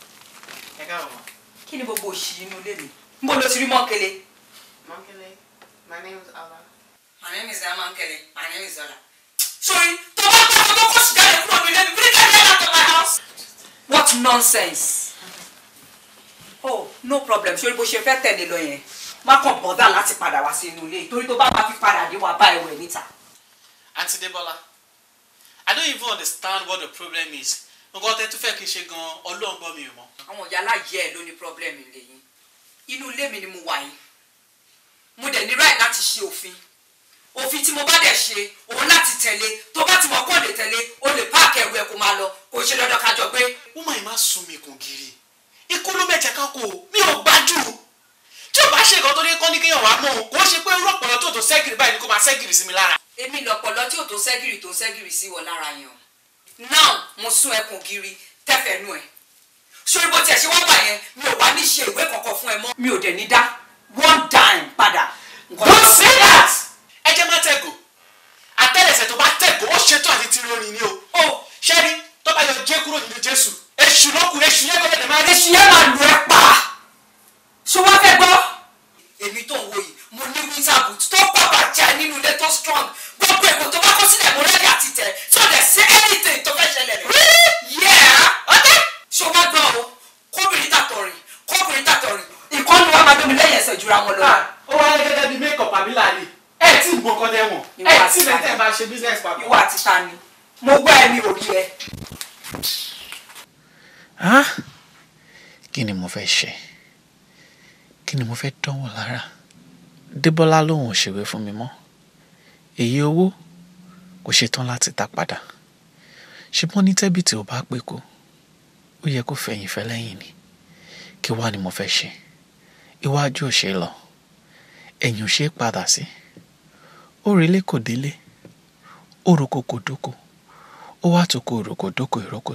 Speaker 1: Ẹ káàbọ̀.
Speaker 3: Kí ni gbogbo òṣì inú ilé mi? N bò ló ti rí Mọ́kele.
Speaker 1: Mọ́kele, my name is Ola.
Speaker 3: My name is Amankele, my name is Ola. Sorry, tó bá tó tó kó sì jáde kúrò nílé mi, bring that girl out of my house. What nonsense! Oh, no problem, sori bó ṣe fẹ́ tẹ̀lé lọ yẹn má bọ́dà láti padà wá sí ilé torí tó bá máa fi padà dé wá bá ẹwẹ̀ níta.
Speaker 1: Aunty Debola I don't even understand what the problem is nǹkan tẹ́ tún fẹ́ kí n ṣe gan-an ọlọ́run gbọ́ mi ò mọ́. àwọn ìyá aláyẹ ẹ ló ní pírọ́blẹ́mù ilé
Speaker 3: yín inú ilé mi ni mo wà yín mo dẹ̀ ní right láti ṣe òfin òfin tí mo bá dẹ̀ ṣe òun láti tẹ̀lé tó bá ti mọ̀ kó lè tẹ̀lé o lè páàkì ẹrù ẹ̀ kó máa
Speaker 1: lọ kó ṣe dandan kájọ pé. wọ́n máa sun mi kùn gírí ikú ló mẹ̀jẹ̀ ká kó ò gbájú tí o bá ṣe nǹkan tó ní kọ́ ní kéèyàn wá mọ̀ kó ṣe pé irú ọ̀pọ̀lọ tí ò tó sẹ́gìrì báyìí ni
Speaker 3: kó máa sẹ́gìrì sí mi lára. èmi lọ̀pọ̀lọ tí ò tó sẹ́gìrì tó sẹ́gìrì sí wọ lára yẹn o now mo sún ẹkùn gírí tẹ́fẹ̀ẹ́nu ẹ̀ sórí bó tiẹ̀ ṣe wọ́n bà yẹn mi ò wá ní ṣe ìwé kankan fún ẹ mọ́. mi ò dẹ̀ ní dá one time, padà. don't say that. ẹ
Speaker 1: jẹ́ má tẹ̀gò àtẹ̀lẹsẹ̀ tó bá tẹ̀gò ó ṣetán àti tiri orin ni o. ó ṣẹ́ni tó bá yọ jẹ́ kúrò nínú Jésù èṣù lókun èṣù yẹn kọ́lẹ̀ dẹ̀ máa rí. èṣù yẹn máa lù ẹ́ pa
Speaker 3: ṣé fẹ́ gbọ́. èmi tó wo yìí mo ní winter tó pàpà jẹ nínú ilé tó strong gbogbo èkó tó bá kó sílẹ̀ mo rẹ́dí àti tẹ̀ so there say anything tó fẹ́ ṣẹlẹ̀ rẹ̀. yeah okay. ṣé wọ́n gbọ́ o kóbìnrin tàtọ̀ rìn kóbìnrin tàtọ̀ rìn ìkọ́nù wa máa gbé mi lẹ́yìn ẹsẹ̀ jura wọn lọ. Ah, ó wá yẹ gẹ́gẹ́ bí make up àbí láàyè ẹ tí ì gbọ́kọ́ dẹ́wọ̀n ẹ tí ìlẹ̀ tẹ̀ bá ṣe business papọ̀. ìwà àti ta ni mo gbọ́ ẹ mi ò rí ẹ.
Speaker 1: kí ni mo fẹ́ ṣe? kí ni mo fẹ́ dánwò lára débọ́lá lòun ò ṣèwé fún mi mọ́ èyí owó kò ṣetán láti ta padà ṣùgbọ́n ní tẹ́bìtì ò bá pé kó ó yẹ kó fẹ̀yìn fẹ́ ni kí wá ni mo fẹ́ ṣe iwájú ò ṣe lọ ẹ̀yìn ò ṣe padà sí ó relé kò délé ó roko kò dóko ó wá tó kó òròkò dóko ìrókò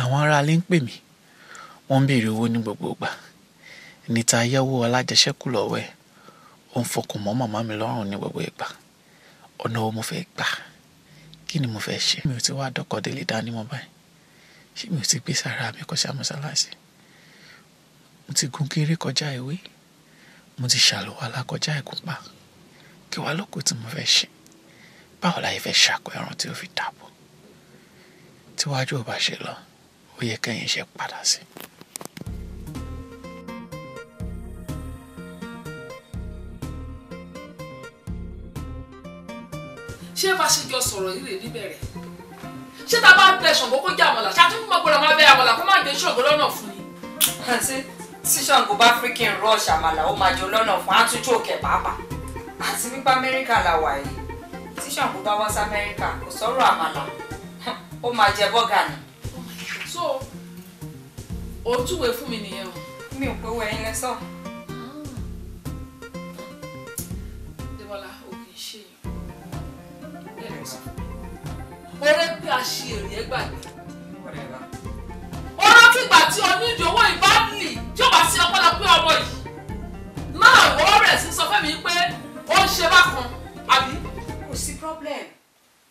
Speaker 1: àwọn aráalé ń pè mí wọ́n ń béèrè owó ní gbogbo ìgbà níta ayáwó alájẹṣẹ́kù lọ́wọ́ ẹ̀ ó ń fọkàn mọ́ màmá mi lọ́rùn ní gbogbo ìgbà ọ̀nà wo mo fẹ́ gbà kí ni mo fẹ́ ṣe mi ò ti wá dọ́kọ̀ délé dání mọ́ báyìí ṣé mi ò ti gbé sára mi kọjá mọ́ṣáláṣí mo ti gun kéré kọjá ewé mo ti ṣàlùwàlá kọjá ìkúpa kí wàá lóko tí mo fẹ́ ṣe báwo la yẹ fẹ́ ṣàkó ẹran tí ó fi dàbò tíwájú ò bá ṣe lọ ó yẹ kẹ́yìn ṣe padà sí
Speaker 2: ṣé bá ṣe jọ sọ̀rọ̀ yìí rè níbẹ̀rẹ̀ ṣé tá a bá bẹ
Speaker 3: ṣàngó kó jẹ àmọ̀là ṣáà tún mọ̀ gbọ́dọ̀ máa bẹ àmọ̀là kó má gbé ṣàngó lọ́nà fún ni. àǹtí tí ṣàngó bá freaking rush àmàlà ó máa jẹ lọ́nà fún àtúntò òkè pàápàá àti nípa amẹ́ríkà la wà yìí tí ṣàngó bá wá sí amẹ́ríkà kò sọ̀rọ̀ àmàlà ó máa jẹ bọ́gà ni.
Speaker 2: so òtúwe fún mi nìyẹn o. mi ò pé wẹ́yìn lẹ́sọ̀ọ́ sọ ọ̀rẹ́ a ṣe èrè ẹ gbàgbé ọ̀rọ̀ fìgbà tí onídìówó ìbáàlì tí ó bá sí
Speaker 3: ọpọlọ pé ọmọ yìí náà wọ́n rẹ̀ sí sọ fẹ́mi pé ó ń ṣe bákan àbí. kò sí problem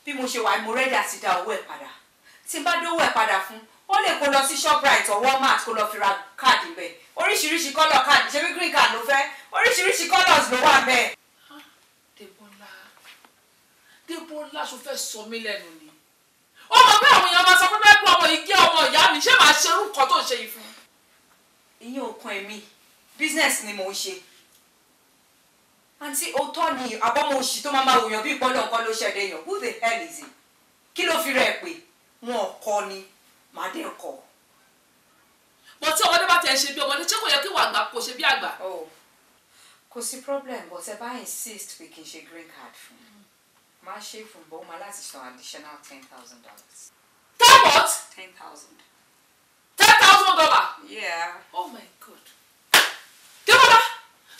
Speaker 3: bí mo ṣe wà mo rẹ́dí àti dá owó ẹ̀ padà tí n bá dówó ẹ̀ padà fún ó lè kó lọ sí shoprite or walmart kó lọ fi ra káàdì bẹ́ẹ̀ oríṣiríṣi kọ́lọ̀ káàdì ṣe bí green card ló fẹ́ oríṣiríṣi kọ́lọ̀ ló wà bẹ́ẹ̀
Speaker 2: dépò ńlá fẹ́ sọ mí lẹ́nu ni ó mọ̀ pé àwọn èèyàn máa
Speaker 3: sọ pé bẹ́ẹ̀ pé ọmọ yìí jẹ́ ọmọ ìyá mi ṣé màá ṣe orúkọ tó ń ṣe yìí fún. ìyẹn ò kan èmi ni mò ń ṣe àǹtí òótọ́ ni àbọ̀mọ tó máa máa wòyàn bí ìpọ́nlẹ̀ nǹkan ló ṣẹ̀dẹ̀ yàn who the hell is it kí ló fi rẹ̀ pé wọn kọ ni màá dẹ̀ kọ. mo tí ọmọdé bá tẹ ṣe bí ọmọdé ṣé kò yẹ kí wà àgbà kò ṣe bí àgbà. Oh, kò sí problem but ẹ bá insist pé kì í ṣe green card fún mi máa ṣe fúnbọ́ máa láti san additional ten thousand dollars. ten what. ten thousand. ten thousand dollar. yeah. oh my god.
Speaker 2: débọ́lá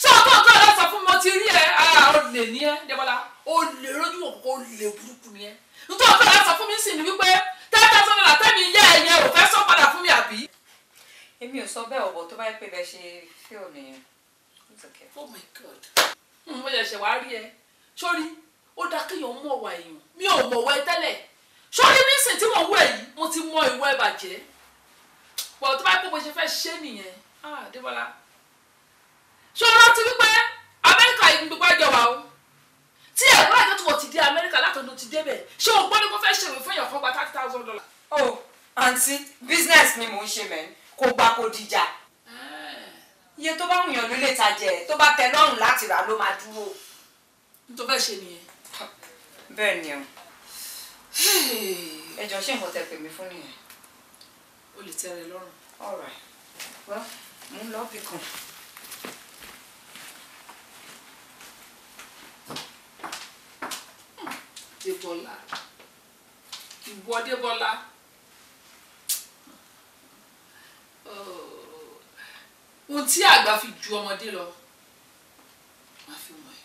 Speaker 2: ṣé ọ̀tọ̀ ọ̀tọ̀ ẹ̀ lọ́sọ̀ fún mi ọtí rí ẹ olè ní ẹ débọ́lá olè lójú òkú olè burúkú ní ẹ nítorí ọ̀tọ̀ ẹ̀ lọ́sọ̀ fún mi sì ni wípé ten thousand
Speaker 3: dollar tẹ́mi yá ẹ yẹn ò fẹ́ sọ padà fún mi àbí. èmi ò sọ bẹ́ẹ̀ ọ̀bọ̀ tó bá yẹ pé bẹ́ẹ̀ ṣe fíìmù nìyẹn. oh my god. Hmm, mo yẹ ṣe wá rí ẹ
Speaker 2: ó dá kéèyàn mọ̀ wà èèyàn mi ò mọ̀ wẹ́ tẹ́lẹ̀ sórí nísìn tí mo wẹ̀ yìí mo ti mọ ìwọ ìbàjẹ́ pọ̀ tó bá pọ̀ bó ṣe fẹ́ ṣe nìyẹn ah Adébọ́lá ṣó rántí wípé Amẹ́ríkà yìí gbogbo àjọ wa o tí ẹ̀rọ àjọ
Speaker 3: tó wọ̀ ti dé Amẹ́ríkà látọ̀dọ̀ ti débẹ̀ ṣé o gbọ́dọ̀ kó fẹ́ ṣèwé fún èèyàn kan gba thirty thousand dollars. o àǹtí business ni mò ń ṣe mẹ́ kó gba kó dìjà eh. iye tó bá wùyàn ló lè ta jẹ tó bá tẹ lọ́rùn láti rà ló máa dúró. n tó fẹ́ ṣe nìyẹn bẹ́ẹ̀ ni o ẹ jọ ṣé nǹkan tẹ pè mí fún nìyẹn. o lè tẹ́ ẹ lọ́rùn. all right well mo ń lọ bí kan.
Speaker 2: Débọ́lá ìwọ Débọ́lá oh. ohun tí àgbà fi ju ọmọdé lọ máa fi wọ̀nyí.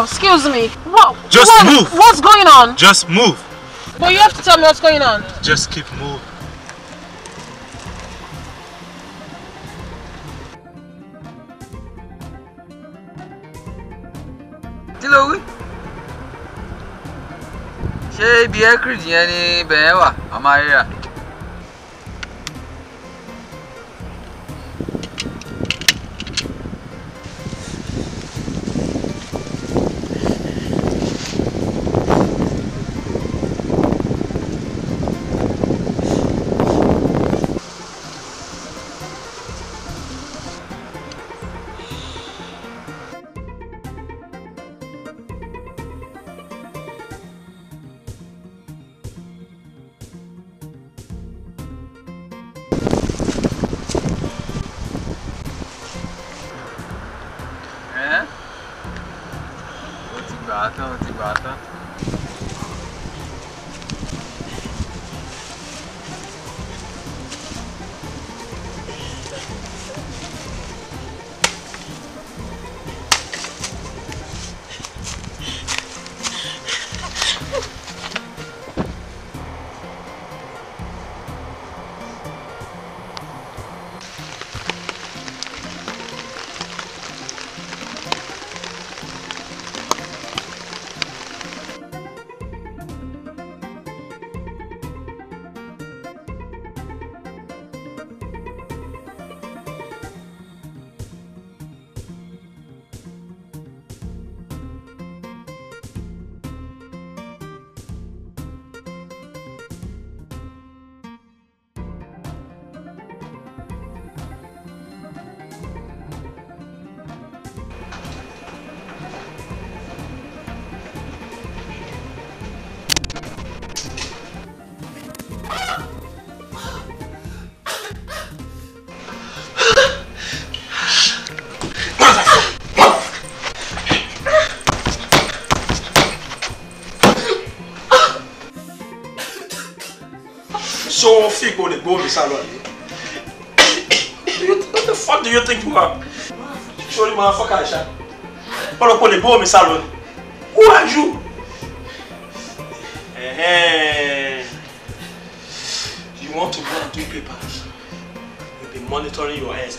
Speaker 2: Oh, excuse me. What? Just what, move. What's going on? Just move. But you have to tell me what's going on.
Speaker 1: Just keep moving.
Speaker 3: Hello.
Speaker 2: ṣé be a yẹn ni bẹ̀rẹ̀ wà
Speaker 5: say go dey go salon what the fuck do you think you are sorry ma fuck aisha ọ̀rọ̀ kò lè go on salon who are you. Uh -huh. you want to go and do papers you be monitoring your ass.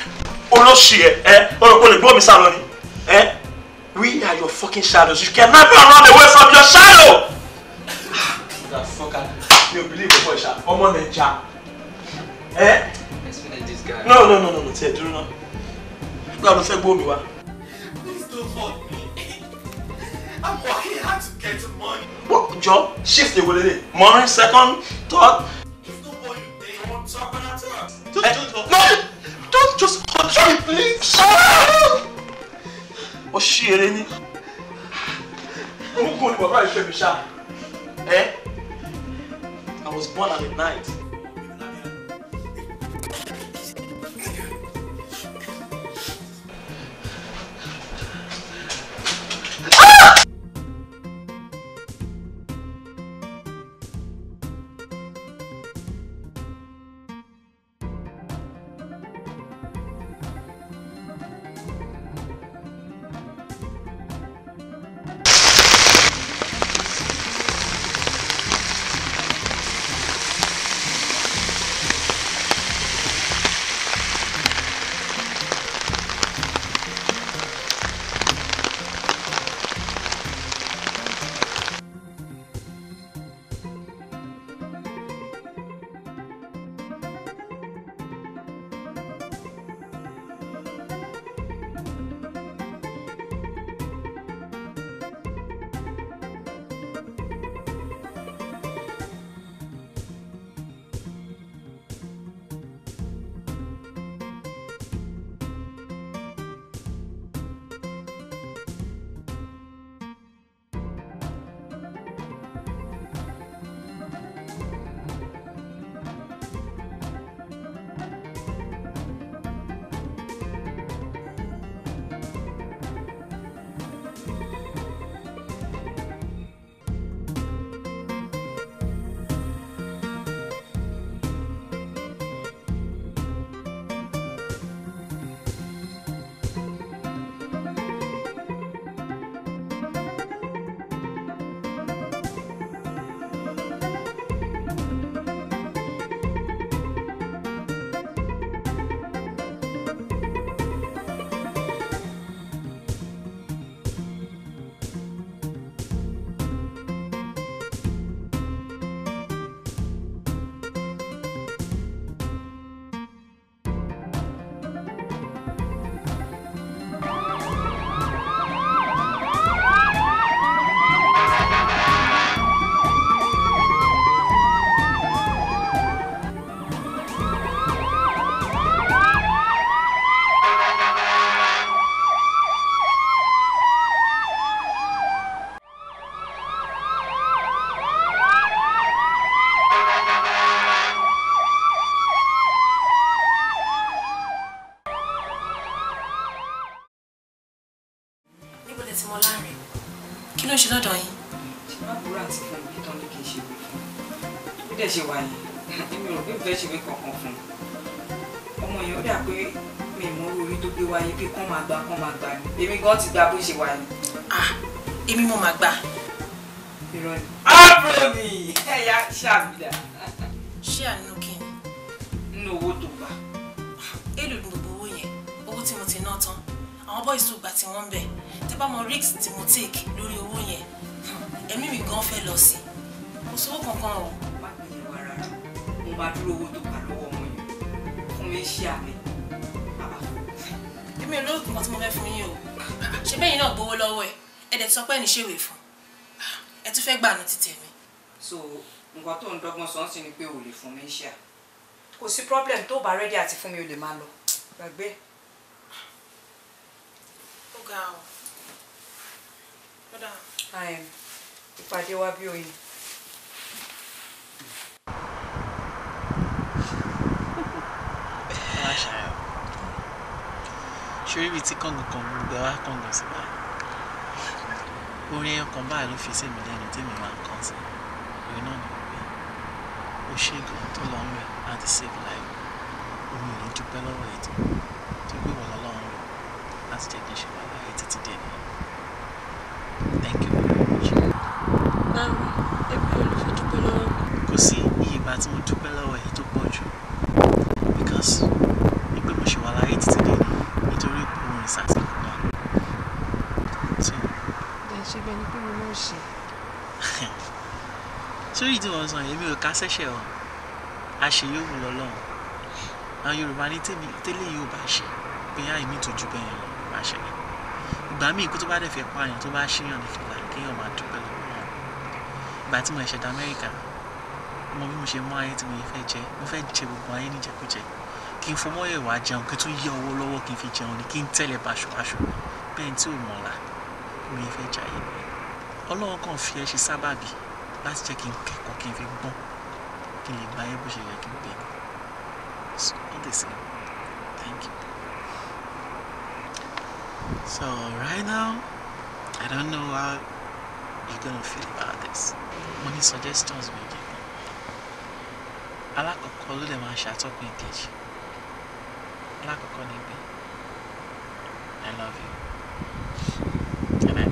Speaker 5: Oh no, shit. kò lè go on the salon ẹ eh? we are your fucking shadows you cannot please
Speaker 1: don't hurt me i'm working hard to get money. What
Speaker 5: job? shift èwo lélẹ̀ morning second third. if no
Speaker 4: one you dey you talk on that
Speaker 5: just don't hurt me. no don't just hurt me please. Oh shit, eré ní. mú kún ní bàbá ìfẹ́ eh? I was born at night.
Speaker 4: lọ́dọ̀ yín. ṣe má búrò àti
Speaker 3: fún mi tán ní kí n ṣe wí fún un ó dẹ̀ ṣe wà yẹn èmi ò rò pé bẹ́ẹ̀ ṣe wí kankan fún un ọmọ yẹn ó dà pé mi ì mọ orí tó gbé wáyé pé kán máa gbà kán máa gbà ni èmi gan ti gba bó ṣe wà yẹn. ah èmi mo máa gbà. irọ́ ni. ábúrò mi ẹ̀yà ṣàbílà.
Speaker 4: ṣé àánú kí n. nínú
Speaker 2: owó tó gbà. èlò gbogbo owó yẹn owó tí mo ti ná tán àwọn bọ́ìsì tó gbà tí wọ́n ń bẹ̀ bá mọ risk tí mo take lórí owó yẹn
Speaker 3: ẹ̀mí mi gan fẹ́ lọ sí kò sówó kankan o. má pè é wàrà mo máa dúró owó tó kà lọ́wọ́ ọmọ yìí fún mi ṣé àmì bàbá. èmi ò lóògùn kan tí mo fẹ́ fún yín o
Speaker 2: ṣé bẹ́ẹ̀ yín náà gbowó lọ́wọ́ ẹ̀ ẹ̀ dẹ̀ ti sọ pé ẹ̀ ní ṣèwé fún ẹ tún fẹ́ gbà ní títẹ̀
Speaker 3: mi. so nǹkan tó ń dọ́gbọ́n sọ ń sin ni pé o lè fún mi ṣe à. kò sí problem tó bá rẹ́dí àti fún mi o lè máa lọ gbàgbé. ó ga ọ ìpàdé wa bí oyin.
Speaker 1: ṣorí ibi tí kọ̀ǹgàn kan mú gbẹ wá kọ̀ǹgàn sí báyìí orin ọkàn báyìí ló fi sèmi lẹ́nu tèmi máa ń kàn sí orin náà ni pé ó ṣe ìgbọ̀n tó lọ ń rẹ̀ láti save life omi ò ní dúpẹ́ lọ́wọ́ ètò tó gbé wọ́n lọ́wọ́ ń lò láti jẹ́ kí n ṣe wà láyé títí dé nìyẹn thank you very much. lára ẹbí olùfẹ́ dúpẹ́ lọ́wọ́ mi. kò sí iye ìgbà tí mo dúpẹ́ lọ́wọ́ èyí tó pọ̀ jù because ìgbé mo ṣe wà láyé títí dé nítorí ipò orin sásìkò náà.
Speaker 2: ẹ ṣe bẹ́ẹ̀ ni pé mo náà ṣe.
Speaker 1: sórí ìdí wọn sàn èmi ò ká sẹ́sẹ̀ o àṣeyọ̀wò lọ́lọ́run àwọn Yorùbá ní tẹ́lẹ̀ yóò bá ṣe bóyá èmi tó ju bẹ́ẹ̀ lọ bá ṣẹlẹ̀ ìgbà míì ikú tó bá dẹ̀ fẹ́ pààyàn tó bá ṣíyàn lè fi gbà kéèyàn máa dúpẹ́ lọ́wọ́ wọn ìgbà tí mo ṣẹ̀dá amẹ́ríkà mo bí mo ṣe mú ayé tí mo fẹ́ jẹ mo fẹ́ jẹ gbogbo ayé níjẹkújẹ kí n fọmọ́ yẹ̀ wá jẹun kí n tún yẹ owó lọ́wọ́ kí n fi jẹun ni kí n tẹ́lẹ̀ báṣubàṣu bẹ́ẹ̀ tí ò mọ̀ la mi fẹ́ jayé ọlọ́run kàn fi ẹ ṣe sábàbí láti jẹ́ kí n kẹ́kọ̀ọ́ kí n fi gbọ́n kí n lè gbáyé bó ṣe yẹ kí n gbé all the same thank you. So right now, I don't know how you're gonna feel about this. Mo ní suggestions méjì. Alákọ̀ọ́kọ́ ló dẹ̀ máa ṣàtọ́kùn ìkejì. Alákọ̀ọ́kọ́ ni pé I
Speaker 4: love you. And I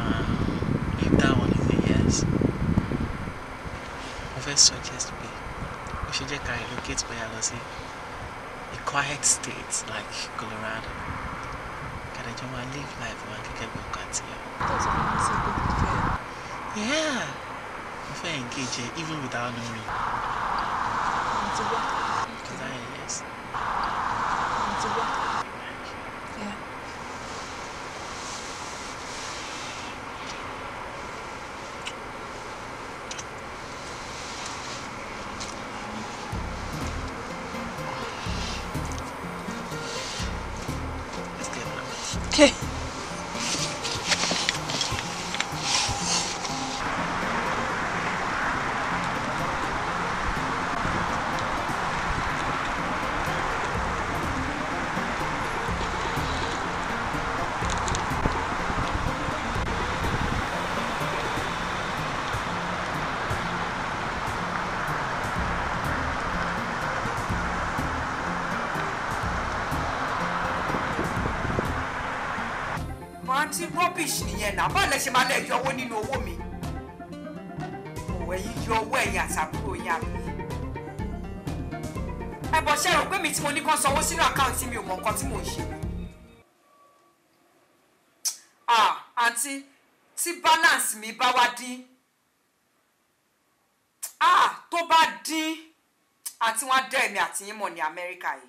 Speaker 4: Um,
Speaker 1: if that one is a yes, mo fẹ́ suggest pé o ṣe jẹ́ ká relocate bóyá lọ sí. a quiet state like Colorado. Can I just want to live life one can work at here? That's what i Yeah. I'm engage here even without knowing.
Speaker 4: Because
Speaker 1: I yes.
Speaker 3: yẹn náà báwo lẹ ṣe máa lẹ yọ nínú owó mi òwò ẹ̀yìn yọ owó ẹ̀yìn àtàbúrò yẹn ẹ bọ̀ ṣe rò pé mi tí mo ní kán sanwó sínú àkáǹtì mi ò mọ nǹkan tí mò ń ṣe ah àǹtí tí balance mi bá wá dín ah tó bá dín àǹtí wọn á dẹ́ ẹ̀mí àtìyín mọ̀ ní Amẹ́ríkà yìí.